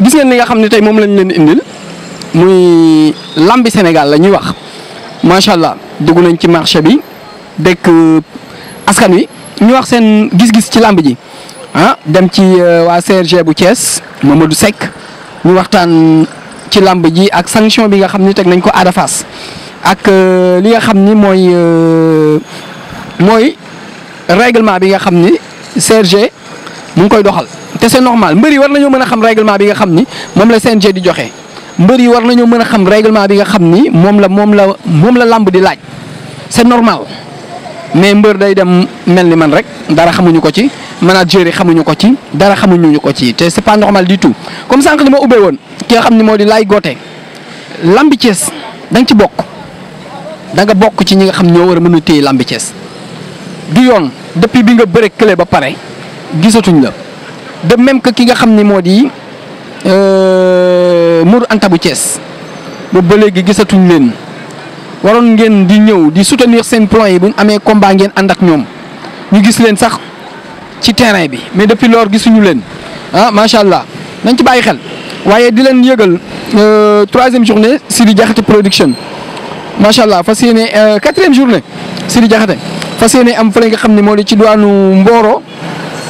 gis ngeen ni nga xam ne tey moom lañ leen indil muy lambi Sénégal la ñuy wax macha allah dugg nañ ci marché bi dekk euh, askan wi ñu wax seen gis-gis ci làmb ji ah dem ci euh, waa CRG bu Thiès du Seck ñu waxtaan ci làmb ji ak sanction bi nga xam ni teg nañ ko Ada Fass ak euh, li nga xam ni mooy mooy réglement bi nga xam ni CRG mu ngi koy doxal te c'est normal mbeuri war nañu mëna xam règlement bi nga xam ni moom la CNG di joxé mbeuri momla war nañu mëna xam règlement bi nga xam ni la mom la mom la lamb di laaj c'est normal mais mbeur day dem melni man rek dara xamuñu ko ci manager yi xamuñu ko ci dara xamuñu ko ci te c'est pas normal du tout comme sank ni ma ubé won ki nga xam ni di laay goote lambi Thiès dang ci bok da nga bok ci ñi nga xam ñoo wara a téy lamb ciess du yoon depuis bi nga bëré clé ba paré gisatuñ la dem même que ki nga xam ni moo di euh, Mour Anta bu Thiès ba léegi gisatuñ leen waroon ngeen di ñëw di soutenir seen plan yi buñ ñu amee combat ngeen ànd ak ñoom ñu gis leen sax ci terrain bi mais depuis loor gisuñu leen ah macha allah nañ ci bàyyi xel waaye di leen yëgal euh, troisième journée Sidi Diakhaté production macha allah fas yéene euh, quatrième journée Sidi Diakhaté fas yéene am fële nga xam ne moo di ci diwaanu Mboro.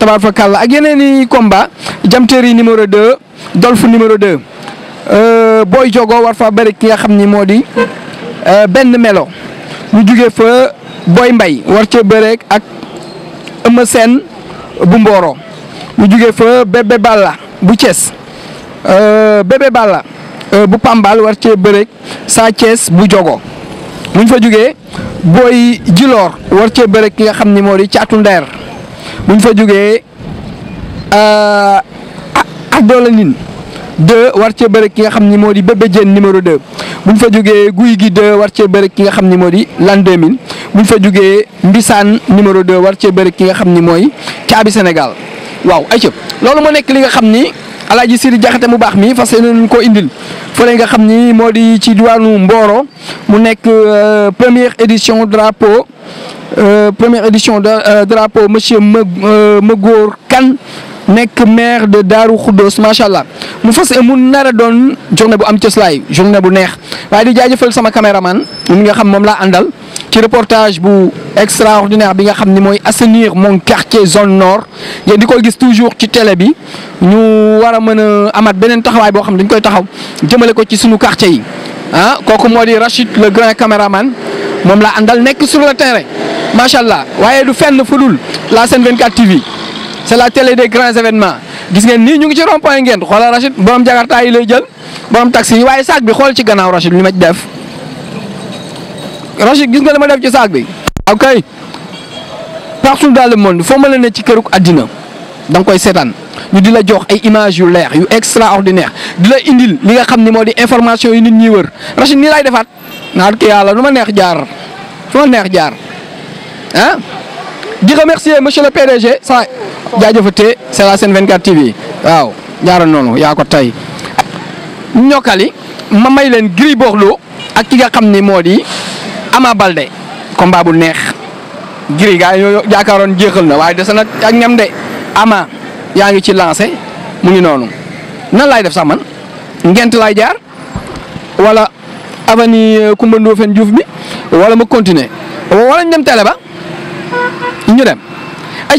tabaar fa kàlla ak yeneen i combat jamteeri numéro 2 dolf numéro 2 euh, booy jogo war fa bëri ki nga xam ni moo di euh, benn melo mu jugee fa booy mbay war cee bëreek ak ëmma seen bu mbooro ñu jugee fa bébé balla bu Thiès euh, bébé balla bu pambal war cee bëreek saa Thiès bu jogo buñ fa jugee booy jiloor war cee bëreek ki nga xam ni moo di caatu ndeer bu ñu fa jógee euh, ak doole nin deux war cee ki nga xam ni moo di bébé jën numéro deux bu fa jógee guy gi de war cee bëre ki nga xam ni moo di l'an 2000 bu fa jógee mbisaan numéro de war cee bëre ki nga xam ni mooy caabi Sénégal waaw ayca loolu moo nekk li nga xam ni. alaaji Sidi Jaxate mu baax mi fas yéene ko indil fële nga xam ni moo di ci diwaanu Mboro mu nekk euh, première édition drapeau euh, première édition euh, drapeau monsieur Magor kan nekk maire de Darou Khoudoss macha allah mu fas mu nar doon journée bu am cëslaay journée bu neex waaye di jaajëfal sama caméraman mi nga xam moom laa àndal. ci reportage bu extraordinaire bi nga xamni moy mooy assainir mon quartier zone nord ngeen di gis toujours ci télé bi ñu wara mëna amat benen taxaway bo xamni dañ koy taxaw jëmele ko ci suñu quartier yi ah kooku moo Rachid le grand caméraman mom la andal nek sur le terrain machallah waye du fenn fudul la Sen 24 TV c'est la télé des grands événements gis ngeen ni ñu ngi ci rond-point ngeen xoolal Rachid borom jakarta yi lay jël borom taxi waye sac bi xol ci gannaaw Rachid li ma def. Rachid gis nga li ma def ci saak bi. ok partout daal le monde foo ma la ne ci këruk addina da koy seetaan ñu di la jox ay image yu leex yu extraordinaire di la indil li nga xam ni moo di information yi nit ñi wër Rachid ni laay defaat naan ki yàlla nu ma neex jaar fu ma neex jaar ah. di remercier monsieur le PDG sa jaajëfatee c'est la Sen 24 TV waaw jaara noonu yaa ko tey ñokkali ma may leen Gris Bordeaux ak ki nga xam ni moo di Ama Balde combat bu neex giri gaa yooyu jaakaaroon jeexal na waaye dese na ak ñam de Ama yaa ngi ci lancé mu ngi noonu nan laay def sax man ngent laay jaar wala avenue euh, Coumba Ndoffène Diouf bi wala ma continuer wala ñu dem télé ba ñu dem.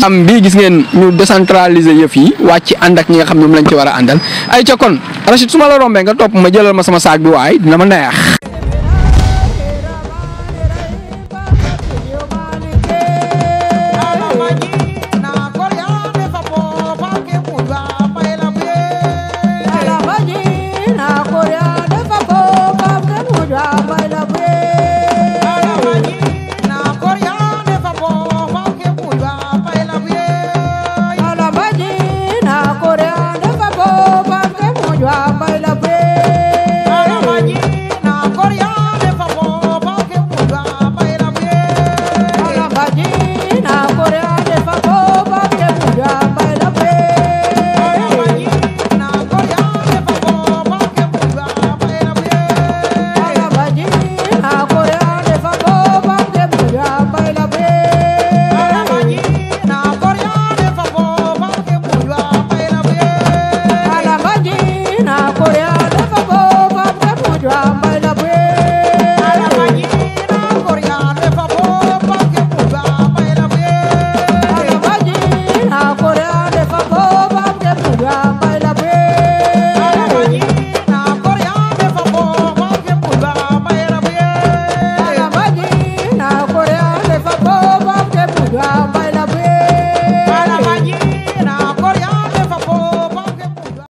am bii gis ngeen ñu décentraliser yëf yi wàcc ànd ak ñi nga xam ne moom lañ ci war a àndal ay ca kon Rachid su ma la rombee nga topp ma jëlal ma sama saag bi waaye dina ma neex.